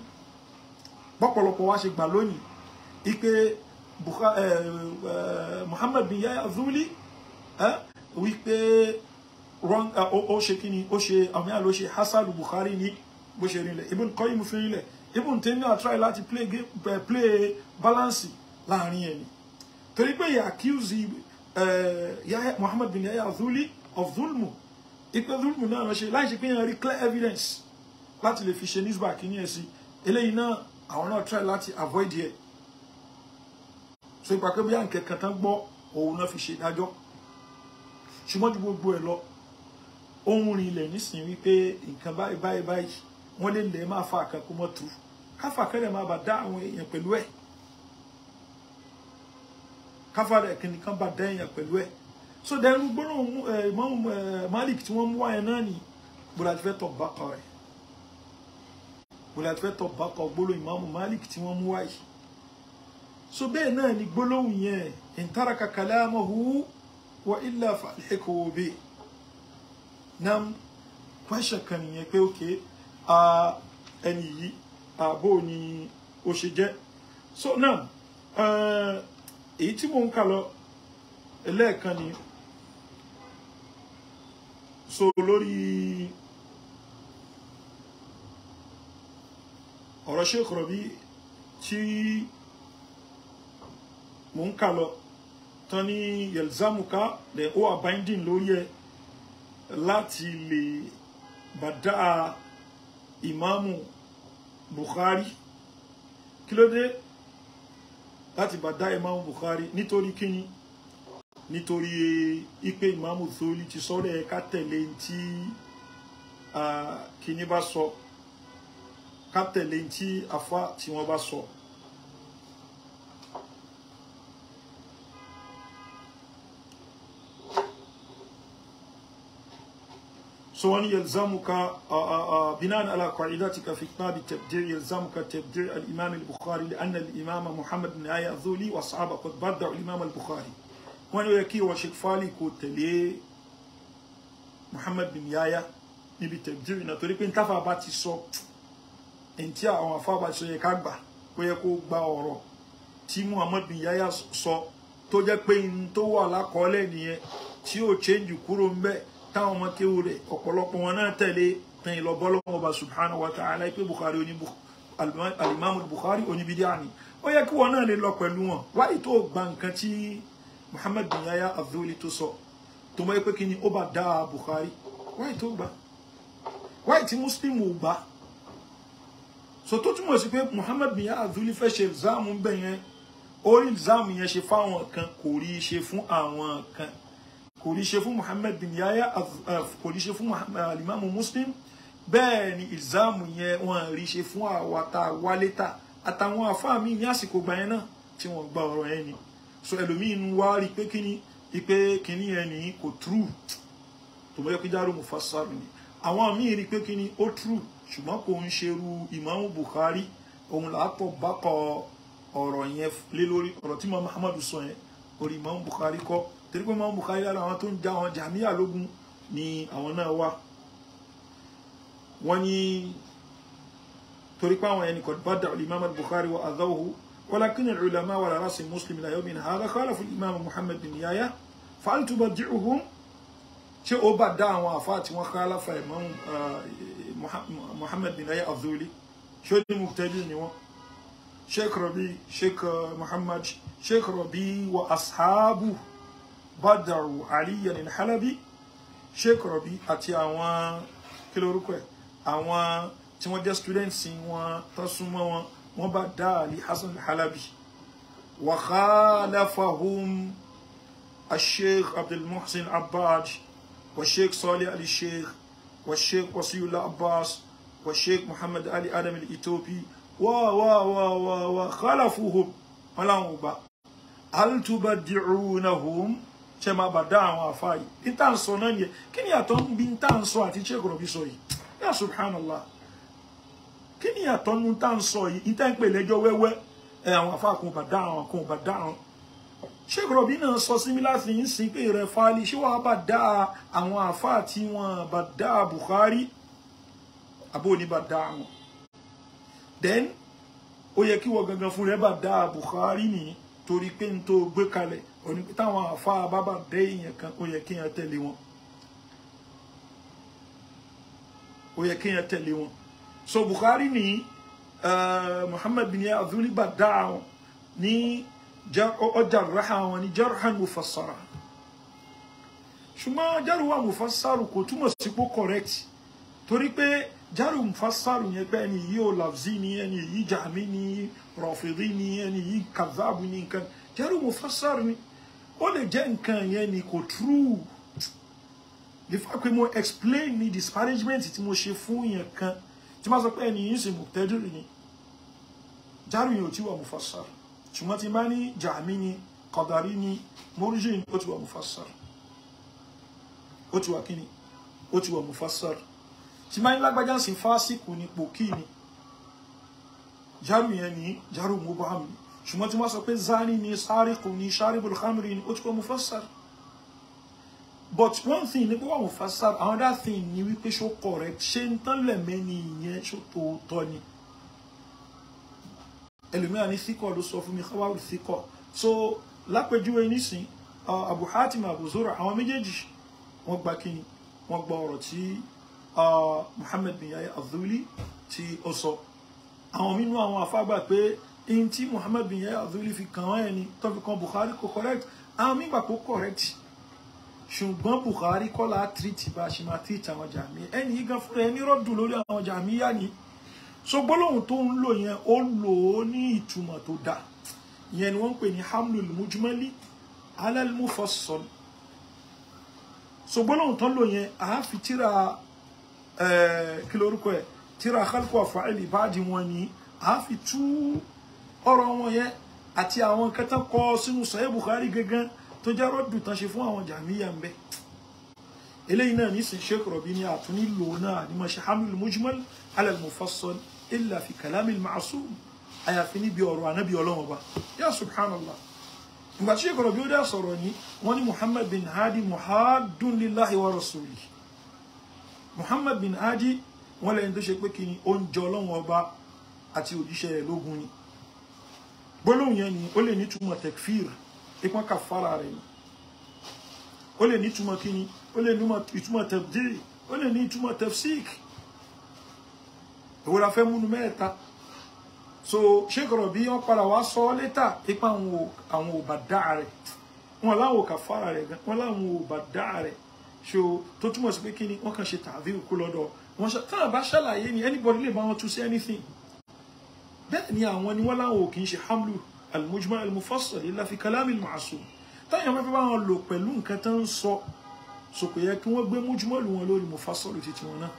bọ́pọ̀lọpọ̀ wá ṣe gbà lónìí ipe eh, eh, Muhammad bin Yahya Dhuli wípé ó ṣe kíni ó ṣe àmì àlọ́ ṣe hasan Bukhari ni bó ṣe rinlẹ̀ Ibn Qayyim fi rinlẹ̀ Ibn Taymiyyah try láti play game eh, play láàrin ẹni torí pé yà accuse eh, yahya Muhammad bin Yahya Dhuli of zulmu ipe zulmu náà ṣe láì ṣe pé yẹn rí clear evidence láti lè fi ṣe nisba kìíní ẹ̀ sí eléyìí náà àwọn náà try láti avoid ẹ̀ so ipa pé bí àǹkẹ́ kan tán gbọ́ òun náà fi ṣe ìdájọ́ ṣùgbọ́n ju gbogbo ẹ̀ lọ ohun rìn ilẹ̀ nísìnyí wípé nǹkan báyìí báyìí báyìí wọ́n lè lè máa fa àkàn kó mọ́ tu káfà kẹ́lẹ̀ máa bà dá àwọn èèyàn pẹ̀lú ẹ̀ káfà rẹ̀ kìnnì kan bà dá èèyàn pẹ̀lú ẹ̀ so dẹrù gbọ́dọ̀ eh, eh, Malik tí wọ́n mú wáyé náà ni bùrọ̀dìfẹ́ tọ̀ bákọ̀ rẹ̀ bùrọ̀dìfẹ́ tọ̀ bákọ̀ gbólóhùn Imam Malik tí wọ́n mú wáyé so bẹ́ẹ̀ náà ni gbólóhùn yẹn intaraka kalamahu wa illa falhiqu bi nam kwẹ́sẹ̀ kan nìyẹn pé ókè. Okay, ẹni yìí bó ni ó ṣe jẹ́ so now èyí tí mò ń kà lọ ẹlẹ́ẹ̀kan ni so lórí ọ̀rọ̀ Sheikh Rabi tí mò ń kà lọ tán ní yelzamuka the ó abindin lórí ẹ láti lè bàdá ìmáàmù Bukhari kí ló dé láti bá dá ìmáàmù Bukhari nítorí kíni nítorí ipe ìmáàmù Thawli ti sọ́rọ̀ ẹ̀ ká tẹ̀lé tí kíni bá sọ ká tẹ̀lé tí afa tí wọ́n bá sọ. So سواء يلزمك بناء على قاعدتك في كتاب التبديع يلزمك تبديع الإمام البخاري لأن الإمام محمد بن آية الذولي وأصحابه قد بدعوا الإمام البخاري وأنا يكي وشكفالي كوتلي محمد بن آية níbi tẹ̀bìtìrì náà torí pé ntáfà bá ti sọ ẹ̀ǹtí àwọn afábà sọ yẹ ká gbà ó yẹ kó gba ọ̀rọ̀ tí Muhammad bin Yahya sọ tó jẹ́ pé táwọn ọmọ kéwú rẹ̀ ọ̀pọ̀lọpọ̀ wọn náà tẹ̀lé tán ìlọ bọ́lọ́wọ́ ọba subhanahu wa ta'ala pé bukhari oníbu alimami bukhari oníbidí àní ó yẹ kí wọn náà lè lọ pẹ̀lú wọn wáyé tó gba nǹkan tí muhammad bin yahya az-zuli tó sọ tó mọ̀ pé kí ni ó bá dá bukhari wáyé tó gbà wáyé tí muslim ò gbà so tó túmọ̀ sí pé muhammad bin yahya az-zuli fẹ́ ṣe zamu bẹ̀yẹn orí záàmù yẹn ṣe fáwọn kan kò rí ṣe fún àwọn kan kò rí ṣe fún Muhammad bin Yahya kò rí ṣe fún alimamu eh, Muslim bẹ́ẹ̀ ni ìlzáàmù yẹn wọ́n rí ṣe fún àwa tá a wá létà àtàwọn àfáà míì ní àsìkò gbà yẹn náà tí wọ́n gba ọ̀rọ̀ yẹn ni so ẹlòmíín wá rí pé kíni ipe kíni yẹn ni kò true tó mọ́ yẹ pé járó mu fasaru ni àwọn míì rí pé kíni ó true ṣùgbọ́n kò ń ṣerú Ìmáàmù Bukhari òun làátọ̀ bákọ̀ ọ̀rọ̀ yẹn lé lórí ọ̀rọ̀ tí mọ́ Muhammadu sọ yẹn orí Ìmáàmù Bukhari kọ́ torí pé mọ́mú kárí lára àwọn tó ń já wọn jàmíyà lógún ni àwọn náà wà wọ́n ní torí pé àwọn ẹni kò bá dà imam al-bukhari wa adáwòhù walakin al-ulama wa rasi muslim la yawmin hadha khalafu al-imam muhammad bin yahya fa'al tubaddi'uhum ṣé ó bá dá àwọn àfáà tí wọ́n khalafa imam eh, muhammad bin yahya az ṣé ó ní mubtadi ni wọ́n sheikh rabi sheikh eh, muhammad sheikh rabi wa ashabuhu badaru aliyan al-halabi sheikh rabi àti àwọn kí lorúkọ ẹ̀ àwọn tí wọ́n jẹ́ students wọn tán súnmọ́ wọn wọ́n bá dá ali hasan al-halabi wa khalafahum al wa sheikh salih ali sheikh wa sheikh wasiyullah abbas wa sheikh muhammad ali adam al-ethiopi wa wa wa wa wa wọn làwọn ò gbà hal tubaddi'unahum ṣe ma bà dá àwọn àfa yìí níta ń sọ náà yẹ kí ni bi níta ń sọ àti ṣé kòrò bí sọ yìí subhanallah kí ni àtọ́ ń ta ń sọ yìí níta ń pè lẹ́jọ́ wẹ́wẹ́ ẹ àwọn àfa kò bà dá àwọn kò bà dá àwọn ṣé kòrò bí náà sọ sími láti ń fali ṣé wàá bà dá àwọn àfa tí wọn bà dá Bukhari àbó ní bà dá àwọn then o yẹ kí wọ́n gangan fún rẹ bà dá Bukhari nìyí torí pé n tó gbé kalẹ̀ òní táwọn àfa bábà dé èèyàn kan ó yẹ wọn ó yẹ wọn so Bukhari ní uh, Muhammad bin Adhuli Badaa ní ọjà raha wọn ní jarhan mufassara ṣùgbọ́n jaruwa mufassaru kò túmọ̀ sí pé correct torí pé jaru mufassaru yẹn pé ẹni yìí ò lafzi ni ẹni yìí jàmí ni rọ̀fìdí ni ẹni yìí kàzáàbù ni nǹkan jaru mufassaru ni ó lè jẹ́ nǹkan yẹn ni kò true the fact pé mo explain ni disparagement tí mo ṣe fún yẹn kan tí ma sọ pé ẹni yìí ń ṣe mọ̀tẹ́dúrì ni járù yẹn ò tí wà mufassar ṣùgbọ́n tí n bá ní jàmí ni kọ̀dàrí ni mọ́rújì ni ó ti wà mufassar ó ti wà kíni ó ti wà mufassar tí máa ń lágbájá sí fásikù ni pòkì ni járù yẹn ni járù mubham ni ṣùgbọ́n tí wọ́n sọ pé zani ni sáríkù ni sharibul khamri ni ó ti kọ́ mufassar but one thing ni pé wọ́n mufassar another thing ni wípé ṣó correct ṣé ń tán lẹ̀mẹ́ ni ìyẹn ṣó tòótọ́ ni ẹlòmíràn ní síkọ̀ ló sọ fún mi káwáwù síkọ̀ so lápèjúwe nísìn uh, Abu Hatim Abu Zura àwọn méjèèjì wọ́n gba kíni wọ́n gba ọ̀rọ̀ tí uh, Muhammad bin Yahya Adhuli tí ó àwọn nínú àwọn afágbà pé in tí Muhammad bin Yahya Dhuli fi kàn án ẹni tó fi kan Bukhari kò correct àwọn mígbà kò correct ṣùgbọ́n Bukhari kọ́ la tìrìtì bá a ṣe máa tìrìtì àwọn jàmí ẹni yìí gan fúnra ẹni rọ́dùn lórí àwọn jàmí yá ni so gbólóhùn tó ń lò yẹn ó lò ó ní ìtumọ̀ tó dáa ìyẹn ni wọ́n ń pè ní hamlul mujmali alal so gbólóhùn tó ń lò yẹn àá fi tíra eh, kí lórúkọ ẹ̀ tíra khalqu af'ali ibadi wọn ni àá fi tú ọ̀rọ̀ wọn yẹn àti àwọn nǹkan tán kọ sínú sọyẹ Bukhari gangan tó jẹ rọdù tán ṣe fún àwọn jàmíyà ń bẹ eléyìí náà nísìn Sheikh Rabi ní àtúní lò náà ní mo ṣe hamil mujmal ala al-mufassal illa fi kalamil ma'sum àyàfi níbi ọ̀rọ̀ ànábì Ọlọ́run ọba yà subhanallah ìgbà tí Sheikh Rabi ó dá sọ̀rọ̀ ni wọn ní Muhammad bin Hadi muhadun lillahi wa rasulihi Muhammad bin Hadi wọn lẹ́yìn tó ṣe pé kí ni ó ń jẹ Ọlọ́run ọba àti òjíṣẹ́ rẹ̀ lógun ni gbólóhùn yẹn ni ó lè nítumọ̀ tekfir ipa kàfàrà rẹ̀ ni ó lè nítumọ̀ kíni ó lè nítumọ̀ tẹ̀bdì ó lè nítumọ̀ tẹ̀fsík ìwòrán fẹ́ múnú mẹ́ta so ṣékọ̀rọ̀ bí wọ́n padà wá sọ ọ́ létà ipa àwọn òbá dá rẹ̀ wọn láwọn ò kàfàrà rẹ̀ gan wọn láwọn òbá dá rẹ̀ so tó túmọ̀ sí pé kíni wọ́n kàn ṣe tàbí òkú lọ́dọ̀ wọn táwọn bá ṣàlàyé ni anybody lè bá wọn tú sí anything bẹ́ẹ̀ ni àwọn ni wọ́n láwọn ò kì í ṣe hamlu al-mujmal al-mufassal illa fi kalami al-ma'sum táyà máa fi bá wọn lò pẹ̀lú nǹkan tó ń sọ sòkò yẹ kí wọ́n gbé mujmal wọn lórí mufassalu títí wọn náà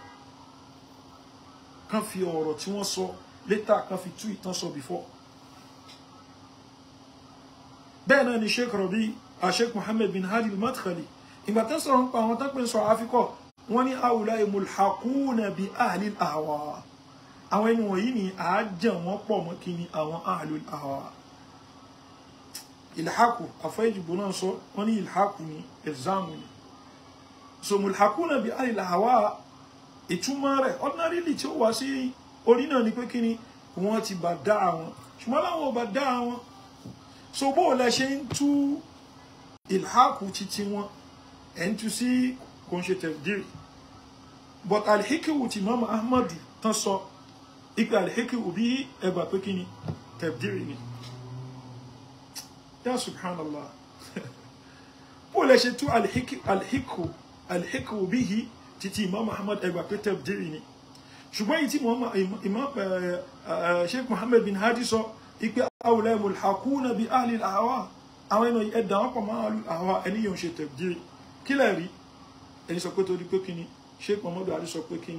kan fi ọ̀rọ̀ tí wọ́n sọ létà kan fi tú ìtàn sọ before bẹ́ẹ̀ náà ni sheikh rabi sheikh muhammed bin hadi al ìgbà tó sọ̀rọ̀ ń pa àwọn tó pè ń sọ àfikọ́ wọ́n ní haula mulhaquna bi ahli al àwọn ẹni wọ̀nyí ni à á jẹ́ wọ́n pọ̀ mọ́ kí ni àwọn àlò àwa ìlhàkù àfọ́yìjìbò náà sọ wọ́n ní ìlhàkù ni ẹ̀zámù ni so mùlhàkù náà bí àlè àwa ìtumọ̀ rẹ̀ ordinarily tí ó wá sí orí náà ni pé kí wọ́n ti bá dá àwọn ṣùgbọ́n láwọn ò bá dá àwọn so bó o lẹ ṣe ń tú ìlhàkù títí wọn ẹ̀ ń tú sí kò ń but alhikiwu ti mama ahmadu tán sọ. So, ipe alihiki òbí ẹgbà pé kí ni tẹ̀bdìrì ni yá subhanallah bó lè ṣe tú alihiki òbí yìí títí imam muhammad ẹgbà pé tẹ̀bdìrì ni ṣùgbọ́n yìí tí imam sheikh muhammad bin hadi sọ ipe awulẹ̀ mulhakuna bi ahli al-ahwa àwọn ẹnu ẹ̀dá wọn pọ̀ mọ́ àwọn ẹni yóò ṣe tẹ̀bdìrì kí lè rí ẹni sọ pé torí pé kí sheikh muhammad bin hadi sọ pé kí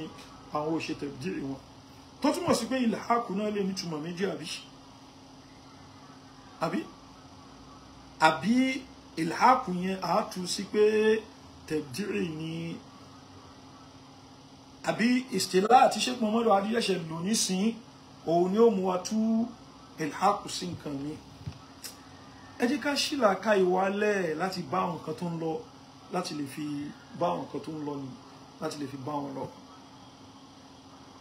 àwọn ò ṣe tẹ̀bdìrì wọn tó túmọ̀ sí pé ìlàákù náà lè nítumọ̀ méjì àbí àbí àbí ìlàákù yẹn àátú sí pé tẹ̀dírì ni àbí ìsìlá àti ṣẹ́pọ̀ mọ́lọ́ adíyẹ̀ṣẹ̀ lò nísìn òun ni ó mú wa tú ìlàákù sí nǹkan mi ẹ jẹ́ ká ṣìlà ka ìwà lẹ̀ láti bá àwọn nǹkan tó ń lọ láti lè fi bá àwọn nǹkan tó ń lọ ni láti lè fi bá wọn lọ.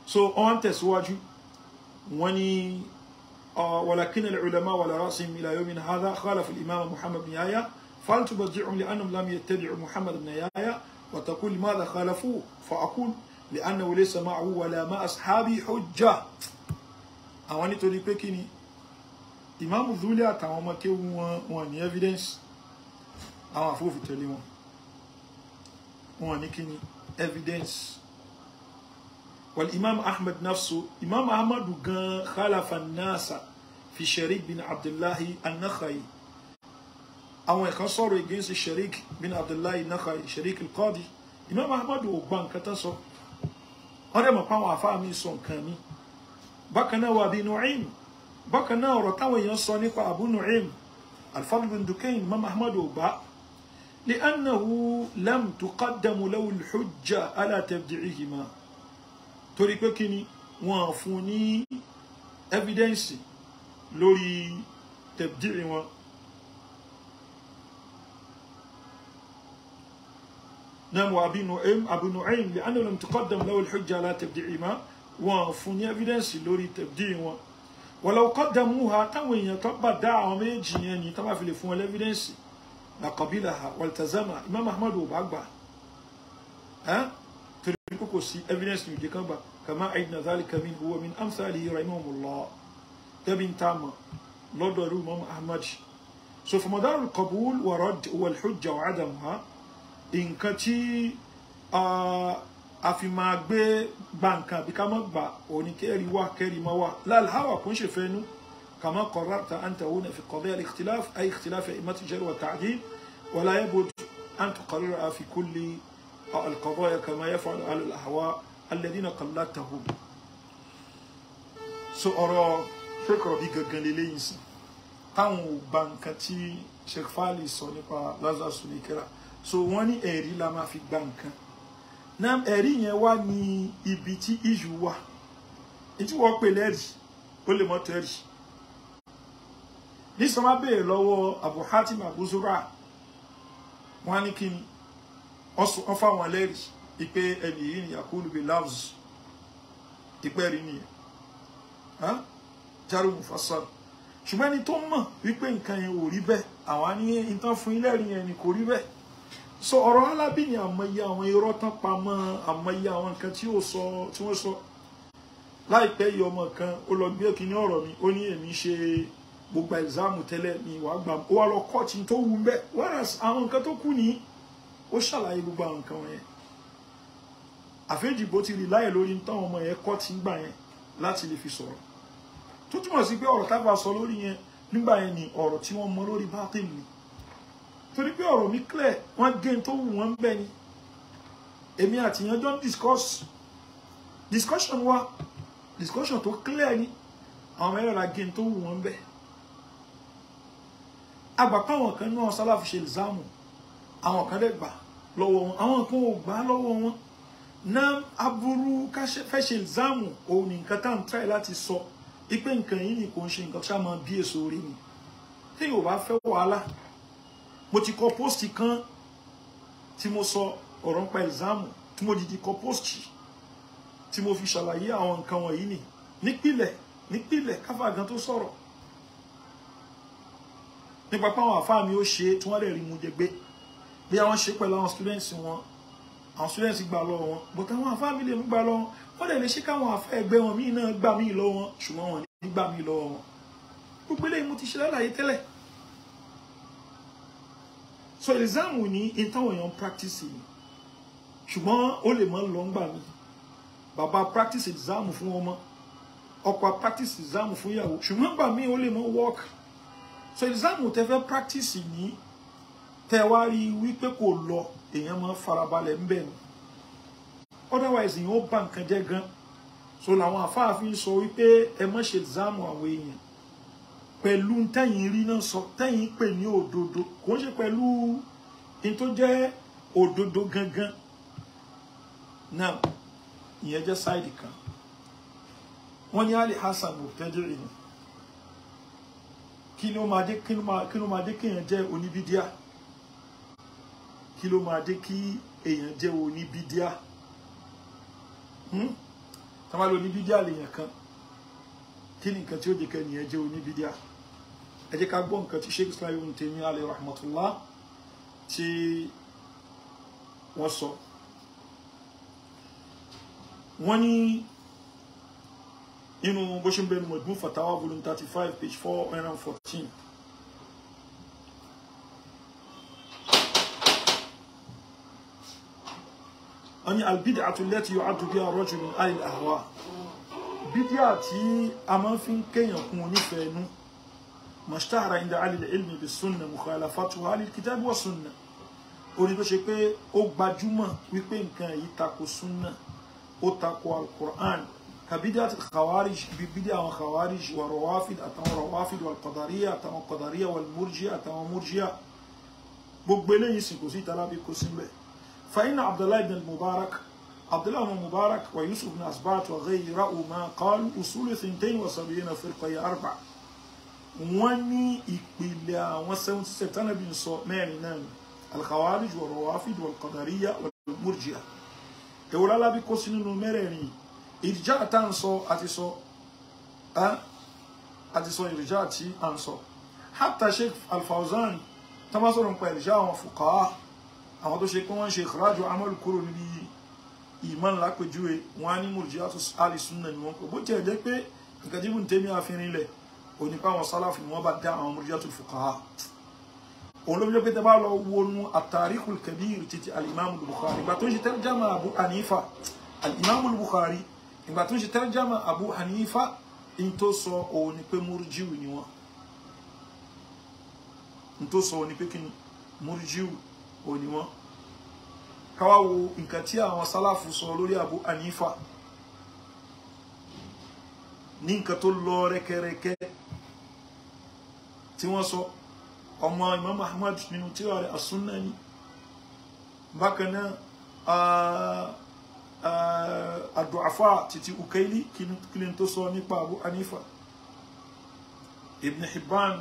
so wọ́n tẹ̀síwájú wọ́n ní ولكن العلماء ولا راسهم الى يوم هذا خالف الامام محمد بن يايا فهل تبجعهم لانهم لم يتبعوا محمد بن يايا وتقول لماذا خالفوه فاقول لانه ليس معه ولا مع اصحابي حجه اواني nítorí pé امام ni ìmáàmù zuli àtàwọn ọmọ kéwu wọn wọn ní evidence àwọn فوفي wọn ní kí ni evidence awon afofin evidence wal imam ahmed nafsu imam ahmadu gan khalafa nasa fi sharik bin abdullahi anakhai àwọn ẹ̀ka sọ̀rọ̀ against sharik bin abdullahi anakhai sharik al-qadi imam ahmadu ò gbà nǹkan tán sọ wọ́n dẹ̀ mọ̀ pa àwọn àfáà mi sọ nǹkan mi bákan náà wà bí nu'im bákan náà ọ̀rọ̀ táwọn èèyàn sọ nípa abu nu'im al-fadl bin dukain imam ahmadu ò gbà لأنه لم تقدم له الحجة على تبديعهما torí pé kí ni wọ́n fún ní evidence lórí tẹ̀bdìrì wọn نعم وابي نعيم ابو نعيم لانه لم تقدم له الحجه على تبديع ما وفون ايفيدنس لوري تبديع ما ولو قدموها تاوين تبا دعوا ميجي يعني تبا في الفون الايفيدنس لقبلها والتزمها امام احمد وبعبع ها kò sí evidence yìí kan gbà kàmá àìdínà zálìkà min huwa min amsali rahimahumullah tẹ́bí ń tà mọ́ lọ́dọ̀ rú mọ́mọ́ ahmad so fọmọdárù qabul wa radd wal hujja wa adamuha nǹkan tí a fi máa gbé gba nǹkan àbí ká má gbà òní kẹ́rì wá kẹ́rì má wá lálhàwà kò ń ṣe fẹ́nu kàmá qarrarta an tahuna fi qadaya al-ikhtilaf ay ikhtilaf a'immat al-jarh wa ta'dil wa la yabud an tuqarrira fi kulli أو القضايا كما يفعل أهل الأهواء الذين قلتهم so ọ̀rọ̀ Sheikh Rabi gangan leléyìí sàn táwọn ò gba nǹkan tí Sheikh Fali sọ nípa Lazarus nìkẹ́ra so wọ́n ní ẹ̀rí la máa fi gba nǹkan náà ẹ̀rí yẹn wá ní ibi tí ìṣù wà ètí wọ́n pè lẹ́rìí ó lè mọ́ tẹ́rìí ní sọ ma béèrè lọ́wọ́ Abu Hatim Abu Zura wọ́n á ní kí ni wọ́n fáwọn ẹlẹ́rìí ipe ẹni yìí ni yakulu bi loves tipẹ́ rí nìyẹn járó mufassal ṣùgbọ́n ẹni tó mọ̀ wípé nǹkan yẹn ò rí bẹ́ẹ̀ àwọn á ní fún ilé yẹn ni kò rí bẹ́ẹ̀ so ọ̀rọ̀ alábì ni àmọye àwọn irọ́ tán pamọ́ àmọye àwọn nǹkan tí ó sọ tí wọ́n sọ láìpẹ́ yìí ọmọ kan ó lọ gbé kíní ọ̀rọ̀ mi ó ní èmi ṣe gbogbo ẹ̀záàmù tẹ́lẹ̀ mi wàá gbà ó wá lọ kọ́ọ̀tì tó wù bẹ́ẹ̀ whereas àwọn nǹkan tó kù nìyí ó ṣàlàyé gbogbo àwọn nǹkan wọn yẹn àfẹ́jìbó ti rí láyè lórí táwọn ọmọ yẹn kọ́ ti ń gbà yẹn láti lè fi sọ̀rọ̀ tó túmọ̀ sí pé ọ̀rọ̀ tábà sọ lórí yẹn nígbà yẹn ni ọ̀rọ̀ tí wọ́n mọ lórí bátìlì ni torí pé ọ̀rọ̀ mi clear wọ́n gé tó wù wọ́n bẹ́ẹ̀ ni èmi àti yẹn jọ ń discuss discussion wa discussion tó clear ni àwọn ọmọ ẹlẹ́ra gé tó wù wọ́n bẹ́ẹ̀ àgbà páwọn kan náà sálàfù ṣe ìzámù àwọn kan dẹ̀ gbà lọ́wọ́ wọn àwọn kan ò gbà lọ́wọ́ wọn náà aburú fẹ́ ṣe ìzáàmù òun ní nǹkan tá tíráì láti sọ ipe nǹkan yìí ni kò ń ṣe nǹkan tí a máa bí èso orí ni tí yóò bá fẹ́ wàhálà mo ti kọ póòsì kan tí mo sọ ọ̀rọ̀ nípa ìzáàmù tí mo dìdí kọ póòsì tí mo fi ṣàlàyé àwọn nǹkan wọ̀nyí ni nípìlẹ̀ nípìlẹ̀ káfà gan tó sọ̀rọ̀ nípa pé àwọn àfáà mi ó ṣe tí wọ́n lè rí mu jẹ gbé bí àwọn ṣe pẹ̀lú àwọn students wọn àwọn students gbà lọ wọn but àwọn àfáà mi lè mú gbà lọ wọn wọ́n lè lè ṣe káwọn àfáà ẹgbẹ́ wọn míì náà gbà míì lọ wọn ṣùgbọ́n wọn ní gbà míì lọ wọn gbogbo eléyìí mo ti ṣe lálàyé tẹ́lẹ̀ so exam ní ìtàwọn èèyàn practice ni ṣùgbọ́n ó lè mọ́ lọ ńgbà mi bàbá practice exam fún ọmọ ọkọ practice exam fún ìyàwó ṣùgbọ́n gbà mí ó lè mọ́ work so exam tẹ fẹ́ practice ní tẹ wá wípé kò lọ èèyàn máa farabalẹ̀ ń bẹ̀ ni otherwise èèyàn ó bà nǹkan jẹ́ gan so làwọn àfáàfin sọ wípé ẹ má ṣe záàmù àwọn èèyàn pẹ̀lú tẹ́yìn rí náà sọ tẹ́yìn pè ní òdodo kò ń ṣe pẹ̀lú ní tó jẹ́ òdodo gangan náà ìyẹn jẹ́ sáìdì kan wọ́n ní Ali Hassan mubtadi'in ni kí ló máa dé kéèyàn jẹ́ oníbídíà. kí ló máa dé kí èèyàn jẹ́ oníbídíà hmm? tọ́ba ló oníbídíà lèèyàn kan kí ni nǹkan tí ó jẹ́ kẹ́ nìyẹn jẹ́ oníbídíà ẹ jẹ́ ká gbọ́ nǹkan tí sheikh islam ibn tèmi alayhi rahmatullah tí wọ́n sọ wọ́n ní inú bó ṣe ń bẹnu mọ̀dún fatawa volume thirty five page four hundred and fourteen. wọ́n ní albid'atu allati yu'addu biha ar-rajulu alil ahwa bídíà tí a máa fi ń kéèyàn kún onífẹ̀ẹ́ nú mashtahara inda alil ilmi bis sunna mukhalafatuha alil kitabi wa sunna orin tó ṣe pé ó gbajúmọ̀ wípé nǹkan yìí tako sunna ó tako al-Qur'an كبدعة الخوارج ببدعة خوارج وروافد أتوا روافد والقدرية أتوا قدرية والمرجئة أتوا مرجئة بقبلين سكوسي تلابي كوسين بيه فإن عبد الله بن المبارك عبد الله بن المبارك ويوسف بن أسباط وغيرهما قالوا أصول ثنتين وسبعين فرقة هي أربعة wọ́n ní ìpìlẹ̀ àwọn seventy seven tánàbí sọ mẹ́rin náà ni alkhawarij wa rawafid wa alqadariya wa murjiya èwo lálábí kó sí nínú mẹ́rẹ̀ẹ̀rin ìrìjà tá à ń sọ àti sọ àti sọ ìrìjà tí à ń sọ hatta sheikh alfawzan tá a bá sọ̀rọ̀ nípa ìrìjà àwọn fuqaha àwọn tó ṣe pé wọ́n ń ṣe ìkọ́lájú amọ́lù kúrò níbi ìmọ̀ ńlá pèjúwe wọn á ní mùrùjíà tó alìsúnnà ni wọn kò bó tiẹ̀ jẹ́ pé nǹkan tí mùn tẹ́mi àfihàn ilẹ̀ onípa àwọn sálàfù ni wọ́n bá dá àwọn mùrùjíà tó fuqaha òun ló fi jẹ́ pé tẹ́ lọ wọnú àtàríkùl kabir títí alìmáàmù Bukhari ìgbà tó ń ṣe tarjama Abu Hanifa alìmáàmù Bukhari ìgbà tó ń ṣe tarjama Abu Hanifa òní wọn káwá wo nǹkan tí àwọn sálàfù sọ lórí Abu Hanifa ní nǹkan tó lọ rẹkẹrẹkẹ tí wọ́n sọ ọmọ Imam Ahmad nínú tírà rẹ̀ asúnná ni bákan náà àdùáfà títí ukaili kílin tó sọ nípa Abu Hanifa Ibn Hibban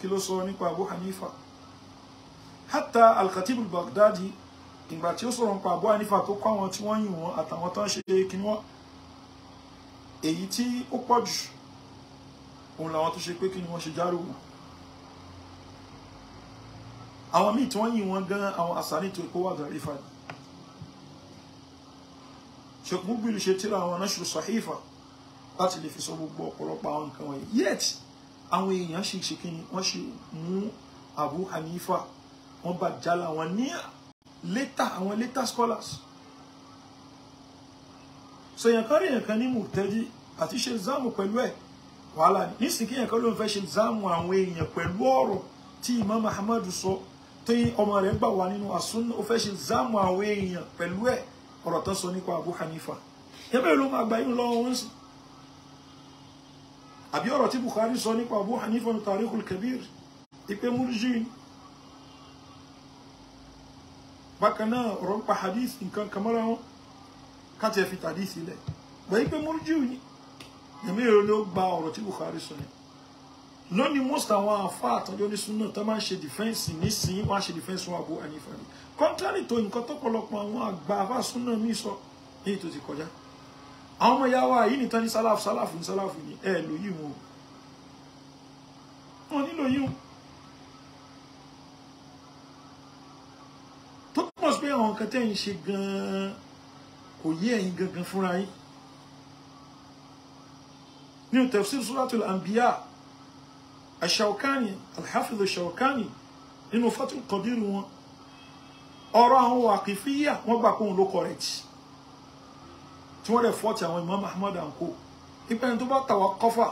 kí ló sọ nípa Abu Hanifa hata al-Khatib al-Baghdadi ìgbà tí ó sọ̀rọ̀ nípa Abu Hanifa tó kọ́ àwọn tí wọ́n yìn wọ́n àtàwọn tó ń ṣe kíní wọ́n èyí tí ó pọ̀ jù òun làwọn tó ṣe pé kí ni wọ́n ṣe járò wọn àwọn míì tí wọ́n yìn wọ́n gan àwọn àṣàní tó kó wà dàrí fa ṣèkún gbìlú ṣe tíra àwọn anáṣù sàhífà láti lè fi sọ gbogbo ọ̀pọ̀lọpọ̀ àwọn nǹkan wọ̀nyí yet àwọn èèyàn ṣì ṣe kí ni wọ́n ṣe mú Abu Hanifa wọ́n bá jálá wọn ní later àwọn later scholars so èèyàn kan rí èèyàn kan ní mùtẹ́dí àti ṣe záàmù pẹ̀lú ẹ̀ wàhálà nísìnyí kí èèyàn kan ló ń fẹ́ ṣe záàmù àwọn èèyàn pẹ̀lú ọ̀rọ̀ tí Imam Ahmad sọ tí ọmọ rẹ̀ gbà wá nínú àsúnà ó fẹ́ ṣe záàmù àwọn èèyàn pẹ̀lú ẹ̀ ọ̀rọ̀ tán sọ nípa Abu Hanifa ẹgbẹ́ ló máa gbà yín lọ́wọ́ wọn sí àbí ọ̀rọ̀ tí Bukhari sọ nípa Abu Hanifa ní Tarikhul Kabir ìpè múrjíìn bákan náà ọ̀rọ̀ ń pa hadith nǹkan kan mọ́ra wọn káti ẹ̀ fi tàdí sílẹ̀ gbẹ̀yìn pé múrújíù ni ẹ̀mí rẹ̀ ló gba ọ̀rọ̀ tí Bukhari sọ yẹn lónìí most àwọn afa àtọ́jọ́ ní súnà tó máa ń ṣe dìfẹ́ǹsì nísìnyí wọ́n á ṣe dìfẹ́ǹsì wọn Abu Hanifa ni contrary tó nǹkan tó pọ̀lọpọ̀ àwọn àgbà afa súnà míì sọ èyí tó ti kọjá àwọn ọmọ yàwá yìí nìkan ní sálàfù sálàfù ní sálàfù ní ẹ̀ lóyún o wọn nílò yìí o bóyá àwọn nǹkan tẹ́ ń ṣe gan-an kò yé ẹ̀yin gangan fúnra yín nínú tafsir suratul anbiya ash-Shawkani al-Hafiz ash-Shawkani nínú Fathul Qadir wọn ọ̀rọ̀ àwọn wàkìfíyà wọ́n gbà pé òun ló correct tí wọ́n lè fọ́ọ̀tì àwọn Imam Ahmad anko ipa ẹni tó bá tàwa kọ́fà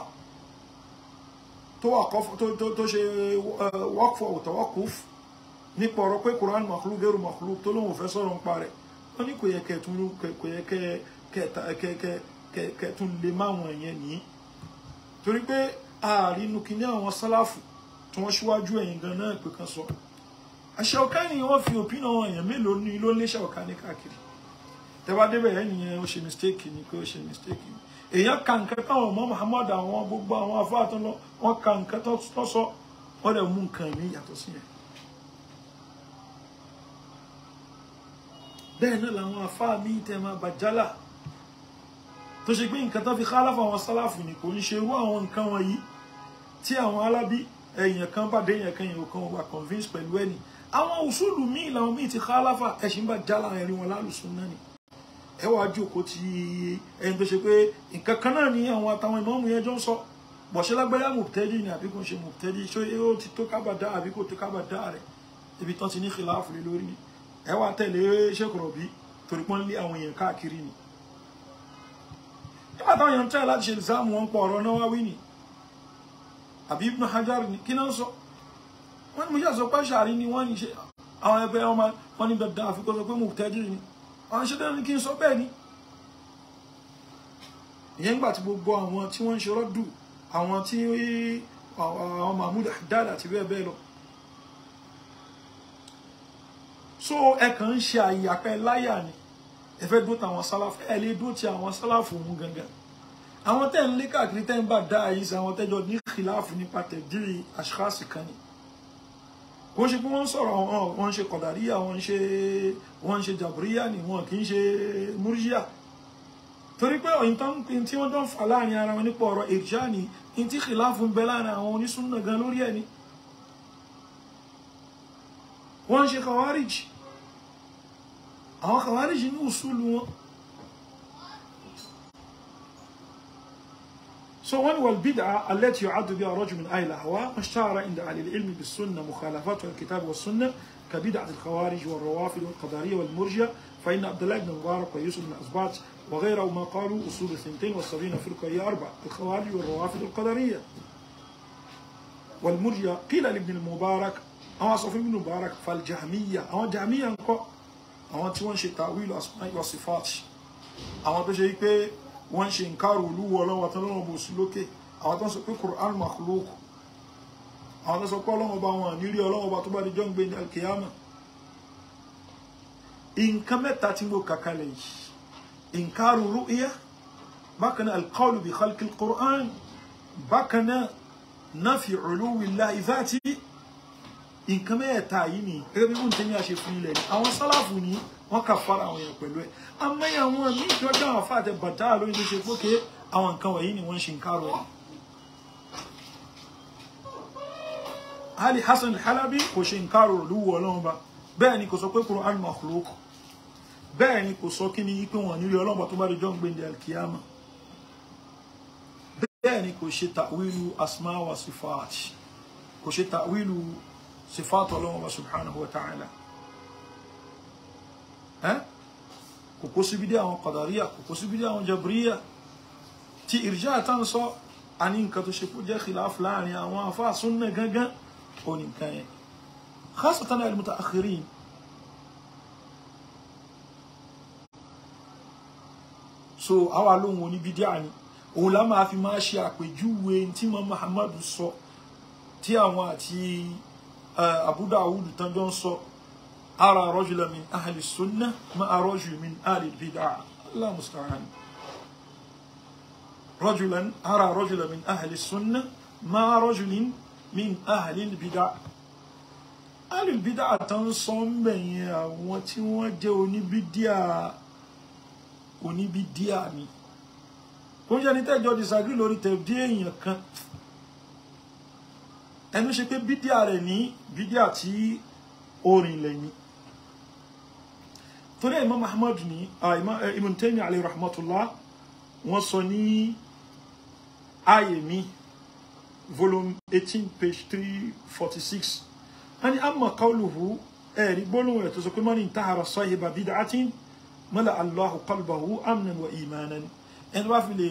tó wà kọ́fà tó ṣe wọ́ọ̀kù fọ̀ tọ́wọ́kù fún nípa ọ̀rọ̀ pé Quran makhluk gẹ́rù makhluk tó lóun ò fẹ́ sọ̀rọ̀ nípa rẹ̀ wọ́n ní kò yẹ kẹtùn kò yẹ kẹtùn lè máwọn ẹ̀yẹn nìyí torí pé ààrí nukin ní àwọn sálàfù tí wọ́n ṣíwájú ẹ̀yìn gan náà pé kan sọ Ṣàwkàní wọ́n fi òpin àwọn èèyàn mélòó ní ló lé Ṣàwkàní káàkiri tẹ́wá débẹ̀ yẹn nìyẹn ó ṣe mistake ni pé ó ṣe mistake ni èèyàn ka nǹkan táwọn ọmọ Muhammad àwọn gbogbo àwọn afáàtọ́ lọ wọ́n ka nǹkan tó sọ wọ́n dẹ̀ mú nǹkan ní yàtọ̀ sí yẹn bẹ́ẹ̀ náà làwọn àfáà mi tẹ́ máa bàjálà tó ṣe pé nǹkan tó fi kálàfà àwọn sálàfù ni kò ń ṣe irú àwọn nǹkan wọ̀nyí tí àwọn alábí èèyàn kan bá dé èèyàn kan èèyàn kan wà convince pẹ̀lú ẹni àwọn òṣùlù míì làwọn míì ti kálàfà ẹ̀sìn bá jálà ẹ̀rí wọn lálùsùn náà ni ẹ wàá jókòó ti ẹni tó ṣe pé nǹkan kan náà ni àwọn àtàwọn ìmọ̀ọ́mù yẹn jọ ń sọ bọ̀ṣẹ́ lágbáyà mùtẹ́dì ni àbí kò ń ṣe mùtẹ́dì ṣé ó ti tó kábàdá àbí kò tó kábàdá rẹ̀ ibi tán ti ní kìláàfù lé lórí ni ẹ wá tẹ̀lé ṣèkọ̀rọ̀bí torí pọ́n lé àwọn èèyàn káàkiri ni nígbà táwọn èèyàn ń tẹ̀lé láti ṣe ìsáàmù wọn pọ̀ ọ̀rọ̀ náà wí ni àbí Ibn Hajar ni kí náà sọ wọ́n ní mo ṣàṣọ pé ṣàrí ni wọ́n ní ṣe àwọn ẹgbẹ́ ọmọ wọn ní dandan àfikún sọ pé mo tẹ́jú ni àwọn ṣe ni kí n sọ bẹ́ẹ̀ ni ìyẹn nígbà tí gbogbo àwọn tí wọ́n ń ṣe rọ́dù àwọn tí àwọn Mahmood Haddad àti bẹ́ẹ̀ bẹ́ẹ̀ lọ so ẹ kàn ń ṣe àyàpẹ láyà ni ẹ fẹ́ dó tàwọn sálàfù ẹ lè dó ti àwọn sálàfù òun gangan àwọn tẹ́ ń lé káàkiri tẹ́ ń bá dá yìí sí àwọn tẹ́jọ ní kìláàfù nípa tẹ̀dírì àṣíkáàsì kan ni kò ṣe pé wọ́n ń sọ̀rọ̀ wọn ń ṣe kọ̀dàríyà wọ́n ń ṣe wọ́n ń ṣe jàbúríyà ni wọn kì í ṣe múrjíà torí pé ọ̀yìn tí wọ́n dán fà láàrin ara wọn nípa ọ̀rọ̀ èrìṣà ni ní tí kìláàfù ń bẹ láàrin àwọn onísúnnà gan lórí ẹ̀ ni ń ṣe kọ̀wárìjì اهو خوارج من اصول So when والبدعة التي يعد بها رجل من أهل الأهواء اشتهر عند أهل العلم بالسنة مخالفته الكتاب والسنة كبدعة الخوارج والروافد والقدرية والمرجع فإن عبد الله بن مبارك ويوسف بن وغيره ما قالوا أصول الثنتين والسبعين فرقة هي أربعة الخوارج والروافد والقدرية والمرجية قيل لابن المبارك أما صفي بن مبارك فالجهمية أما جهمية àwọn tí wọ́n ń ṣe tawil asma wa sifat àwọn tó ṣe yí pé wọ́n ń ṣe nǹkarò olúwo ọlọ́wọ́ tó lọ́wọ́ bò sí lókè àwọn tó ń sọ pé Qur'an makhluk àwọn tó sọ pé ọlọ́wọ́ bá wọn ní rí ọlọ́wọ́ bá tó bá di jọ́ǹgbé ní alkiyama nǹkan mẹ́ta tí mo kà kalẹ̀ yìí nǹkarò ru'ya bákan náà alqawlu bi khalqil Qur'an bákan náà nafi uluwi llahi dhati nǹkan mẹ́ẹ̀ta yìí ni gẹ́gẹ́ bí wọ́n tẹ́lẹ̀ ṣe fún ilẹ̀ ni àwọn sálàfù ni wọ́n kà fara àwọn èèyàn pẹ̀lú ẹ̀ àmọ́ àwọn míì dọ́jà àwọn fàtẹ bàtà lóyún ló ṣe pókè àwọn nǹkan wọ̀nyí ni wọ́n ṣe ń kárò ẹ̀. Ali Hasan Halabi kò ṣe ń kárò lúwo ọlọ́run ba bẹ́ẹ̀ ni kò sọ pé Quran makhluk bẹ́ẹ̀ ni kò sọ kí ni pé wọ́n nílé ọlọ́run tó bá di jọ́ ń alkiyama bẹ́ẹ̀ ni kò ṣe ta'wilu asma wa sifat kò ṣe ta'wilu sífàtọ̀ ọlọ́wọ́n wa subhanahu wa ta'ala kò kó síbi dé àwọn kọ̀dàríyà kò kó síbi dé àwọn jabríyà tí ìrìjà àtàn sọ a ní nǹkan tó ṣe kó jẹ́ khilaf láàrin àwọn afá súnnà gangan ó ní nǹkan yẹn khasatan al-mutaakhirin so àwa lóhun oníbídíà ni òun la máa fi máa ṣe àpèjúwe tí mọ Muhammadu sọ tí àwọn àti Abu Dawud tán jọ ń sọ ara rajula min ahli sunnah ma'a rajul min ahli bid'ah Allahu musta'an rajulan ara rajula min ahli sunnah ma'a rajulin min ahli bid'ah ahli bid'ah tán sọ ń bẹ̀yẹn àwọn tí wọ́n jẹ́ oníbídíà oníbídíà ni ó ń jẹ́ ní tẹ́jọ́ disagree lórí tẹ̀bí èèyàn kan ẹnu ṣe pé bídíà rẹ̀ ní bídíà tí orin lẹ́yìn torí imam ahmad ní eh, ibn taymi alayhi rahmatullah wọ́n sọ ní ààyè mi volume eighteen page three forty six wọ́n ní amma qawluhu ẹ̀rí gbólóhùn ẹ̀ tó sọ pé mọ́ni intahara sahiba bid'atin mọ́lá allahu qalbahu amnan wa imanan ẹni wá fi lè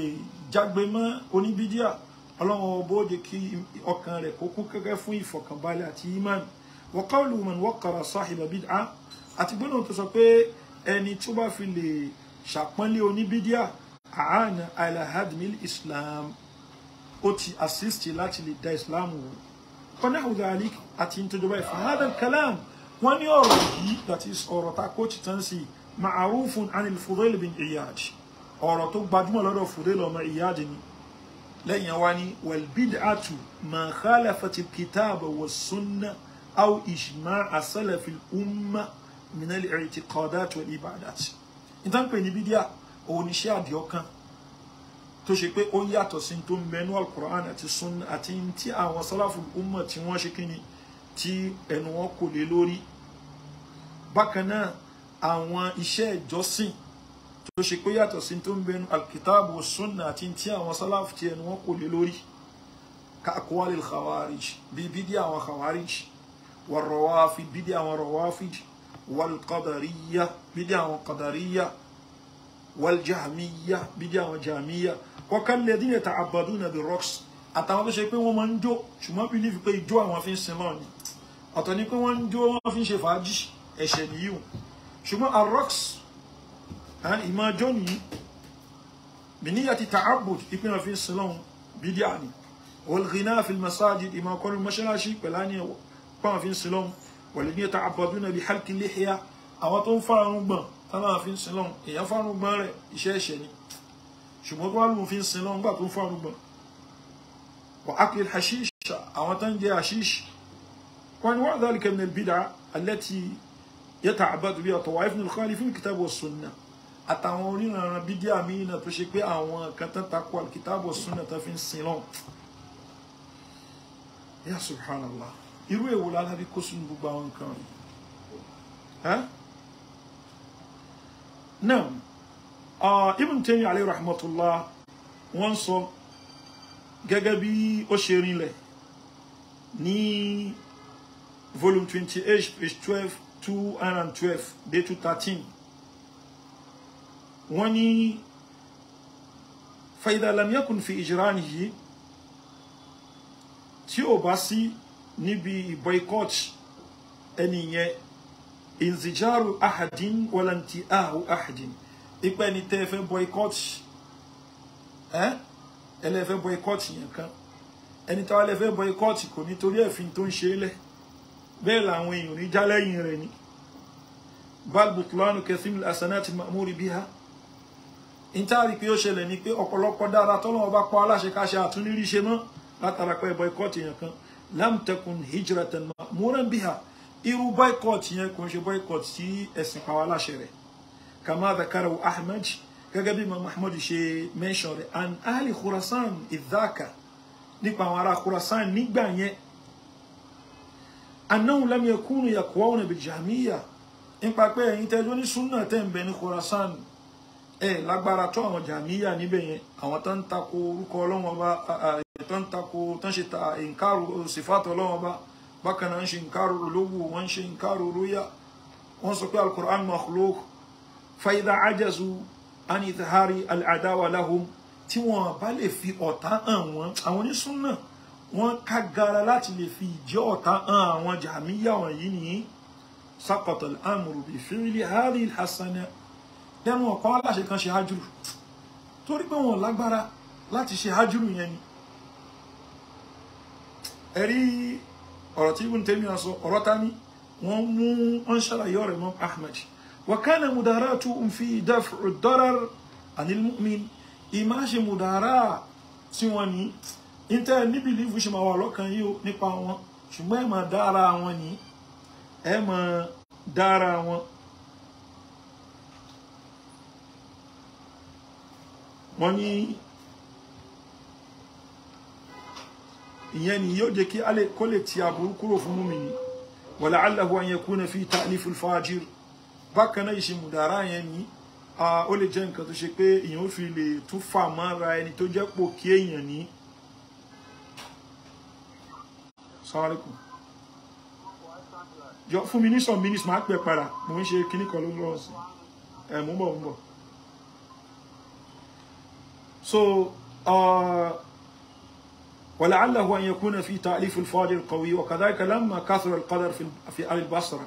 jágbe mọ́ oníbídíà ọlọ́run bó jẹ́ kí ọkàn rẹ̀ kó kún kẹ́kẹ́ fún ìfọ̀kànbalẹ̀ àti imán wa qawlu man waqqara sahiba bid'a àti gbọ́nà tó sọ pé ẹni tó bá fi lè ṣàpọ́nlé oníbídíà àánà ala hadmil islam ó ti assist láti lè da islam wò kọ́náhù dhalik àti ìtọ́jọba ìfahàdà kalam wọ́n ní ọ̀rọ̀ yìí that is ọ̀rọ̀ ta kó tìtàn sí ma'arufun anil Fudail bin Iyad ọ̀rọ̀ tó gbajúmọ̀ lọ́dọ̀ Fudail ọmọ Iyad ni lẹ́yìn wa ni walbid'atu ma khalafati kitaba wa sunna aw ijma asalafi umma minali i'tiqadat wal ibadat ìtàn pè ní bídíà òun ni iṣẹ́ àdìọ́kàn tó ṣe pé ó ń yàtọ̀ sí tó ń bẹnu alukur'an àti sunna àti tí àwọn sálàfù umma tí wọ́n ṣe kíni tí ẹnu wọn kò lè lórí bákan náà àwọn iṣẹ́ ìjọsìn tó ṣe pé yàtọ̀ sí tó ń bẹnu alkitabu sunna àti tí àwọn sálàfù tí ẹnu wọn kò lé lórí kakwal khawarij bí bídí àwọn khawarij wal rawafid bídí àwọn rawafid wal qadariyya bídí àwọn qadariyya wal jahmiyya bídí àwọn jahmiyya kọkàn lẹ́dínlẹ̀ yata'abbaduna bi raqs àtàwọn tó ṣe pé wọ́n máa ń jó ṣùgbọ́n bílíf pé ijó àwọn fi ń sin náà ni ọ̀tọ̀ ni pé wọ́n ń jó wọ́n fi ń ṣe fàájì ẹ̀ṣẹ̀ nìyí ṣùgbọ́n arọ́ksì ìmọ̀ ọjọ́ nìyí bìníyà ti ta'abbud ìpín àfi sílọ́hún bídíà ni wal-ghina fil masajid ìmọ̀ ọkọrin mọ́ṣáláṣí pẹ̀lá ní pọ́n àfi sílọ́hún wal-ladhina yata'abbaduna bi halqi lihya àwọn tó ń fárun gbọ̀n táwọn àfi sílọ́hún èèyàn fárun gbọ̀n rẹ̀ iṣẹ́ ẹ̀ṣẹ̀ ni ṣùgbọ́n tó wà lóun fi ń sin lọ́ngbà tó ń fárun gbọ̀n wa akli al-hashish àwọn tó ń jẹ hashish wọn ni wa dhalika min al-bid'a allati yata'abbadu biha ta'ifun al-khalifin al-kitab wa as-sunnah àtàwọn oníranran bídíà míì náà tó ṣe pé àwọn kan tán takò alkitabu sunna tán fi ń sin lọ́hùn ya subhanallah irú èwo lálábí kó sínú gbogbo àwọn nǹkan yìí náà ah, Ibn Taymiyyah alayhi rahmatullah wọ́n sọ gẹ́gẹ́ bí ó ṣe rinlẹ̀ ní volume twenty eight page twelve two hundred and twelve day two thirteen wọ́n ní faidha lam yakun fi ijranihi tí ò bá sí níbi boycott ẹni yẹn inzijaru ahadin walanti ahu ahadin ipa ẹni tẹ́ ẹ fẹ́ boycott ẹ ẹ lẹ́ fẹ́ boycott yẹn kan ẹni táwa lẹ́ fẹ́ boycott kò nítorí ẹ̀fin tó ń ṣe é lẹ̀ bẹ́ẹ̀ làwọn èèyàn ní jálẹ́yìn rẹ̀ ni balbutlanu kathim al-asanati ma'muri biha nítaàrí pé ó ṣẹlẹ̀ ni pé ọ̀pọ̀lọpọ̀ dára tọ́lọ́wọ́ bá pa aláṣẹ ká ṣe àtúnrírí ṣe mọ́ látara pé boycott yẹn kan lam takun hijratan ma'muran biha irú boycott yẹn kò ń ṣe boycott sí ẹ̀sìn pa aláṣẹ rẹ̀ kama dhakarahu ahmed gẹ́gẹ́ bí imam ahmed ṣe mention rẹ̀ an ahli khurasan idhaka nípa àwọn ará khurasan nígbà yẹn annahum lam yakunu yaqwawna bil jahmiya nípa pé ẹ̀yin tẹ́jọ́ ní sunna tẹ́ ń bẹ ní khurasan ẹ lágbára tó àwọn jàmíyà níbẹ̀ yẹn àwọn tó ń tako orúkọ ọlọ́run ọba tó ń tako tó ń ṣe ta ìǹkàrò sífàtọ̀ ọlọ́run ọba bákan náà ń ṣe ìǹkàrò olówó wọ́n ń ṣe ìǹkàrò róyà wọ́n sọ pé alukur'an makhluk fayida ajazu anitahari aladawa lahum tí wọ́n bá lè fi ọ̀tá hàn wọ́n àwọn onísúnnà wọ́n kágara láti lè fi ìjẹ́ ọ̀tá hàn àwọn jàmíyà wọ̀nyí nìyí sakọtọ̀ amúrùbí fírílì hàrí hasanah dẹnu ọ̀kan aláṣẹ kan ṣe hajjúrù torí pé wọn lágbára láti ṣe hajjúrù yẹn ni ẹ̀rí ọ̀rọ̀ tí ibùn tẹ́mi sọ ọ̀rọ̀ ta ni wọ́n mú wọn ṣàlàyé ọ̀rẹ́ mọ́ Ahmed wakana mudaratu fi daf'u darar anil mu'min ìmá ṣe mudara tí wọ́n ní níta ní bìlífù ṣe máa wà lọ́kàn yìí ó nípa wọn ṣùgbọ́n ẹ̀ máa dára wọn ní ẹ̀ máa dára wọn. wọ́n ní ìyẹn ni yóò jẹ́ kí kó lè ti aburú kúrò fún mùmínì wa la'allahu an yakuna fi ta'lifu al-fajir bákan náà ìṣe mùdàrá yẹn ni ó lè jẹ́ nǹkan tó ṣe pé èèyàn ó fi lè tún fà mọ́ra ẹni tó jẹ́ pò kí èèyàn ní. sàlámàlẹ́kùn yọ fún mi ní some minutes máa pẹ́ para mo ń ṣe kíní kan ló ẹ̀ mú bọ̀ mú bọ̀ so uh, ولعله أن يكون في تأليف الفاضل القوي وكذلك لما كثر القدر في في أهل البصرة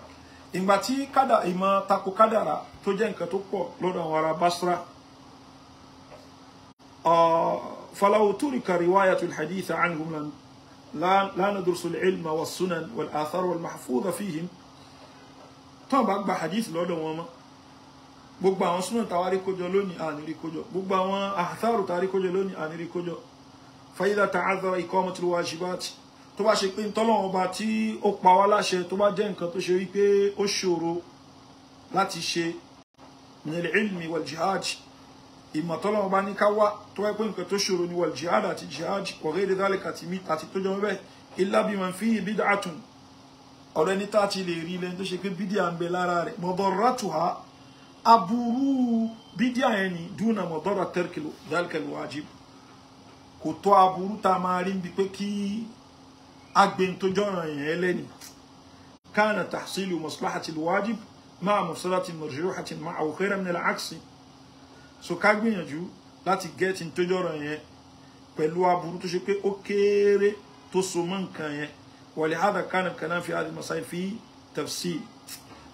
ìgbà tí kádà ìmọ̀ takò kádàrà tó jẹ́ nǹkan tó pọ̀ lọ́dọ̀ àwọn ará basra falawo turika riwayatul hadith anhum la nadrusu al-ilma wa sunan wal athar wal mahfuza fihim tó bá gba hadith lọ́dọ̀ wọn mọ́ gbogbo àwọn súnà tàwa rí kójọ lónìí àníri kójọ gbogbo àwọn àtàrò tàwa rí kójọ lónìí àníri kójọ fàyídà tá àdàrà iqamatul wajibati tó bá ṣe pé ntọ́lọ́wọ́n ọba tí ó pa wá láṣẹ tó bá jẹ́ nǹkan tó ṣe wípé ó ṣòro láti ṣe minil ilmi wal jihad ìmọ̀ tọ́lọ́wọ́n ọba ní ká wá tó wáyé pé nǹkan tó ṣòro ni wal jihad àti jihad wa ghayri dhalika àti tó jọ bẹ́ẹ̀ illa biman fihi bid'atun ọ̀rẹ́ ní tá a ti lè rí lẹ́ni tó ṣe pé bídíà ń bẹ lára rẹ̀ mọ̀dọ̀rọ̀tù ha aburú bídíà yẹn ni dúnà mọ̀dọ́rà tẹ́rkìlù dálkẹ̀lù wájib kò tó aburú tá a máa rí bí pé kí agbẹ̀ntójọ́ràn yẹn lẹ́ni kánà tahsilu maslahati wájib máa mọ̀sálàtì marjuhati máa àwòkẹ́rẹ́ mi láàksì so ká gbìyànjú láti gẹ́ẹ̀tì tójọ́ràn yẹn pẹ̀lú aburú tó ṣe pé ó kéré tó so mọ́ nǹkan yẹn wàlẹ̀ hádà kánà kanáfi àdìmọ̀sáì fi tafsil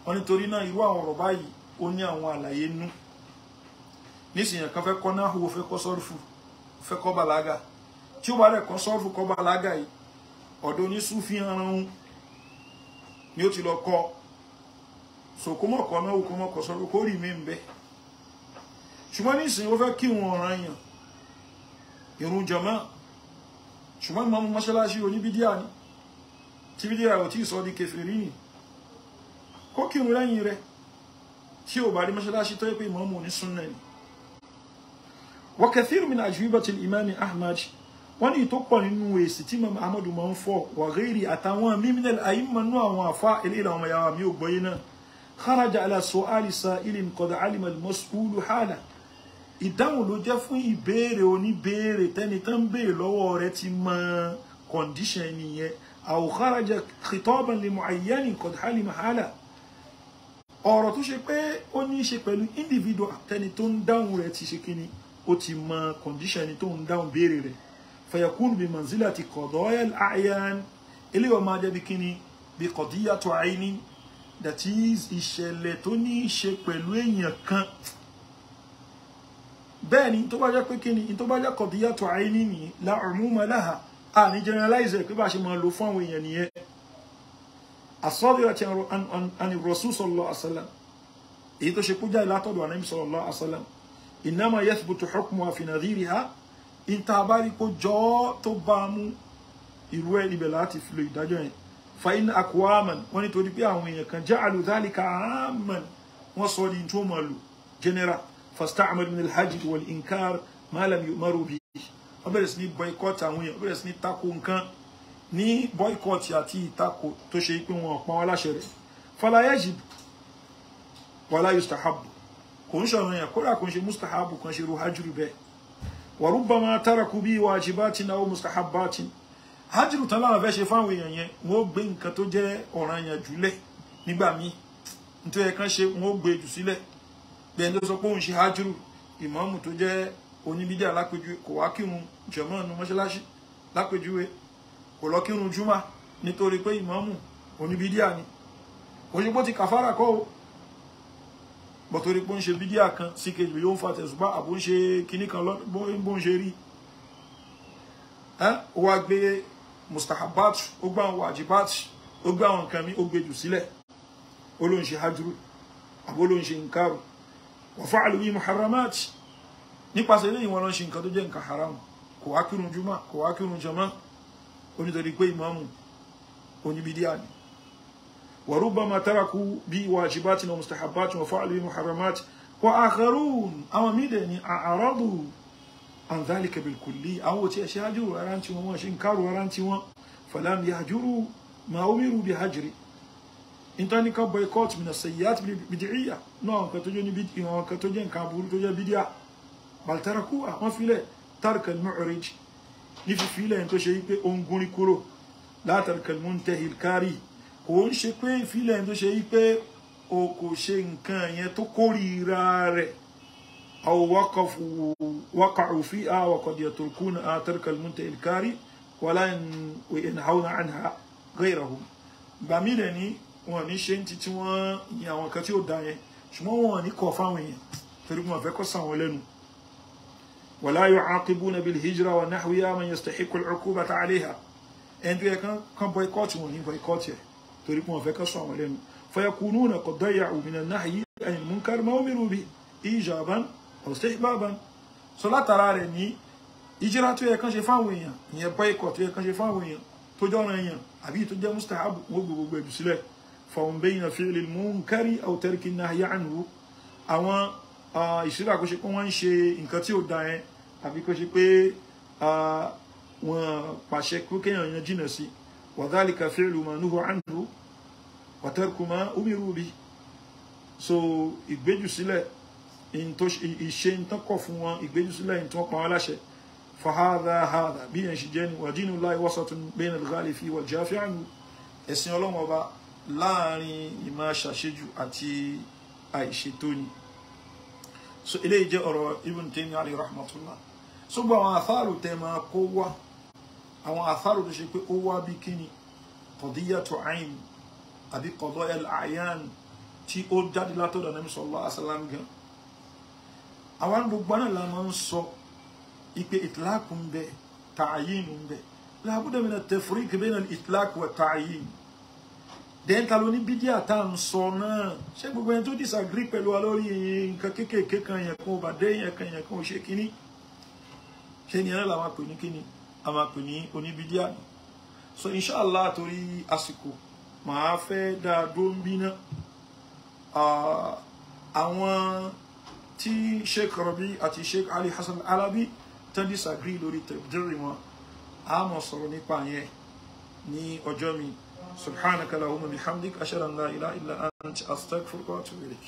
wọn nítorí náà irú àwọn ọ̀rọ̀ báyìí onye ní àwọn àlàyé nú nísìnyàn kan fẹ́ kọ́ náà wo fẹ́ kọ́ fẹ́ kọ́ tí ó bá rẹ̀ kọ́ kọ́ yìí ọ̀dọ̀ ni ó ti lọ kọ́ so náà wò kó mọ̀ kó rì mí bẹ́ ṣùgbọ́n nísìnyàn ó fẹ́ kí wọn ọ̀ràn yàn ni tí bídíà ò tí di tí ò bá rí mọ́ṣáláṣí tó yẹ pé ìmáàmù ní súnà ni wa kathiru min ajwibati al-imam ahmad wọ́n ní ìtọ́pọ̀ nínú èsì tí mama ahmadu máa ń fọ́ wa ghairi àtàwọn mímínà àyímọ̀nú àwọn àfa eléyìí làwọn ọmọyàwó mi ò gbọ́yé náà kharaja ala su'ali sa'ilin qad alima al-mas'ulu ìdáhùn ló jẹ́ fún ìbéèrè oníbéèrè tẹ́ni tán ń béèrè lọ́wọ́ rẹ ti mọ kọ̀ǹdíṣàn nìyẹn aw kharaja khitaban li mu'ayyanin qad alima hala ọ̀rọ̀ tó ṣe pé ó ní í ṣe pẹ̀lú individual àtẹni tó ń dáhùn rẹ̀ ti ṣe kíni ó ti mọ condition ẹni tó ń dáhùn béèrè rẹ̀ fayakun bi manzilati qadayal a'yan eléyìí ó máa jẹ́ bí kíni bí qadiyatu aynin that is ìṣẹ̀lẹ̀ tó ní í ṣe pẹ̀lú èèyàn kan bẹ́ẹ̀ ni tó bá jẹ́ pé kíni tó bá jẹ́ qadiyatu aynin la umuma laha à ní generalize pé bá ṣe máa lò fún àwọn èèyàn nìyẹn asọ́bíọ̀tì àni rasul sallallahu alaihi wasallam èyí tó ṣe kú jáde látọ̀dọ̀ ànábì sallallahu alaihi wasallam innama yathbutu hukmuha fi nadhiriha ìta àbárí kó jọ ọ́ tó bá a mú irú ẹ̀ níbẹ̀ láti fi lo ìdájọ́ yẹn fa in aqwaman wọ́n nítorí pé àwọn èèyàn kan ja'alu dhalika 'amman wọ́n sọ ní tó máa lò general fasta'malu min al-hajj wal inkar ma lam yu'maru bihi sí ní boycott àwọn èèyàn wọ́n sí ní tako nǹkan ní boycott àti ìtakò tó ṣe pé wọn ọ̀pọ̀ aláṣẹ rẹ̀ falayajib wala yustahabu kò ń ṣọ̀rọ̀ yẹn kódà kò ń ṣe mustahabu kan ṣe ruhajuru bẹ́ẹ̀ wa rubbama taraku bí wajibatin aw mustahabatin hajuru tán láwọn fẹ́ ṣe fáwọn èèyàn yẹn wọn ó gbé nǹkan tó jẹ́ ọ̀ràn yẹn jùlẹ̀ nígbà míì nítorí ẹ̀ kan ṣe wọn ó gbé jù sílẹ̀ bẹ́ẹ̀ ló sọ pé òun ṣe hajuru ìmáàmù tó jẹ́ oníbídíà lápèjúwe kò wá kírun jọ̀mọ́ ọ̀nù mọ́ṣáláṣí lápèjúwe kò lọ kírun júmà nítorí pé ìmáàmù oníbídíà ni òyìnbó ti kàfàrà kọ́ o bọ̀ torí pé ó ń ṣe bídíà kan sí kejì yóò ń fa tẹ̀sùbá àbó ń ṣe kinní kan bó ń ṣe rí ó wá gbé mustahabat ó gbá àwọn wajibat ó gbé àwọn nǹkan mi ó gbé jù sílẹ̀ ó ló ń ṣe hajru àbó ló ń ṣe nǹkan wọ́n fa'alu yìí muharramat nípasẹ̀ eléyìí wọn lọ ṣe nǹkan tó jẹ́ nǹkan haram kò wá kírun juma kò wá kírun jama onítorí pé ìmáàmù oníbídíà ni warubama taraku bi wajibatin wa mustahabbatin wa fa'alu bi muharramatin wa akharun àwọn mi de ni a'radu an dhalika bil kulli àwọn tí ashaju aranti wọn shin karu aranti wọn falam yahjuru ma umiru bi hajri intani ka boycott min as-sayyiat bid'iyya no kan tó jẹ́ ni bid'i no kan tó jẹ́ nǹkan burú tó jẹ́ bid'a bal taraku àwọn file tarka al-mu'rij ní fífi ilẹ̀ tó ṣe wípé ó ń gúnrí kúrò látàrí kẹlmú ń tẹ ìkárì kò ń ṣe pé ìfilẹ̀ tó ṣe wípé o kò ṣe nǹkan yẹn tó kórìíra rẹ̀ àwọn wákàrù fi àwọn kọ̀dìyà tó kú ní àtàrí kẹlmú ń tẹ ìkárì wàlá ìnáhùnà àná gẹ́rẹ̀hùn rẹ̀ ní wọn ní ṣe ń ti wọ́n yin àwọn kan tí ó da yẹn ṣùgbọ́n wọn ní kọ̀ fáwọn yẹn torí wọn fẹ́ kọ́ sàwọn lẹ́nu ولا يعاقبون بالهجرة ونحوها من يستحق العقوبة عليها ẹni tó yẹ kán kán boycott wọn ní boycott yẹ torí pé wọn fẹ́ kán you àwọn lẹ́nu فيكونون قد ضيعوا من النهي عن المنكر ما أمروا به إيجابا أو استحبابا sọ látara rẹ̀ ní ìjírá tó yẹ kán ṣe fáwọn èèyàn ìyẹn boycott tó yẹ kán ṣe fáwọn èèyàn tó jọ́ra èèyàn àbí tó jẹ́ mustahab wọ́n gbogbo ẹ̀dùn sílẹ̀ فهم بين فعل المنكر أو ترك النهي عنه àwọn ìṣúra kó ṣe pé wọ́n ń ṣe nǹkan tí ò da yẹn àbí kó ṣe pé wọ́n pàṣẹ pé kéèyàn yan jìnnà sí wàdálìkà fẹ́ẹ̀lù mà núhù àǹdù wàtẹ́kùmá umiru bi so ìgbéjùsílẹ̀ ìṣe ń tọ́kọ̀ fún wọn ìgbéjùsílẹ̀ ń tún pa wọn láṣẹ fahadha hadha bí yẹn ṣe jẹ́ ni wàdínú láì wasatun bayna al-ghali fi wal-jafi anhu ẹ̀sìn ọlọ́mọba láàrin ìmáa ṣàṣejù àti àìṣètò ni so eléyìí jẹ́ ọ̀rọ̀ Ibn Taymiyyah alayhi rahmatullah so gbọ́ àwọn àtharu tẹ́ máa kó wá àwọn àtharu tó ṣe pé ó wá bí kíni qadiyatu ayn àbí qadaya al-a'yan tí ó jáde látọ̀dọ̀ Nabi sallallahu alaihi wasallam gan àwọn gbogbo náà la máa ń sọ ipe itlaq bẹ ta'yin ń bẹ la budda min at-tafriq then ta ló ní bídíà tá à ń sọ náà ṣé gbogbo ẹni tó disagree pẹ̀lú wa lórí nǹkan kéékèèké kan yẹn kan ò bá dé yẹn kan yẹn kan ò ṣe kínní ṣé ni ẹ̀rọ làwọn àpè ní a máa pè ní oníbídíà ni so inshallah torí àsìkò màá fẹ́ dáa dúró ń bí náà àwọn Sheikh Rabi àti Sheikh Ali Hasan Alabi tán disagree lórí tẹ̀bídìrì wọn a mọ̀ sọ̀rọ̀ nípa yẹn ní ọjọ́ mi. سبحانك اللهم بحمدك أشهد أن لا إله إلا أنت أستغفرك وأتوب إليك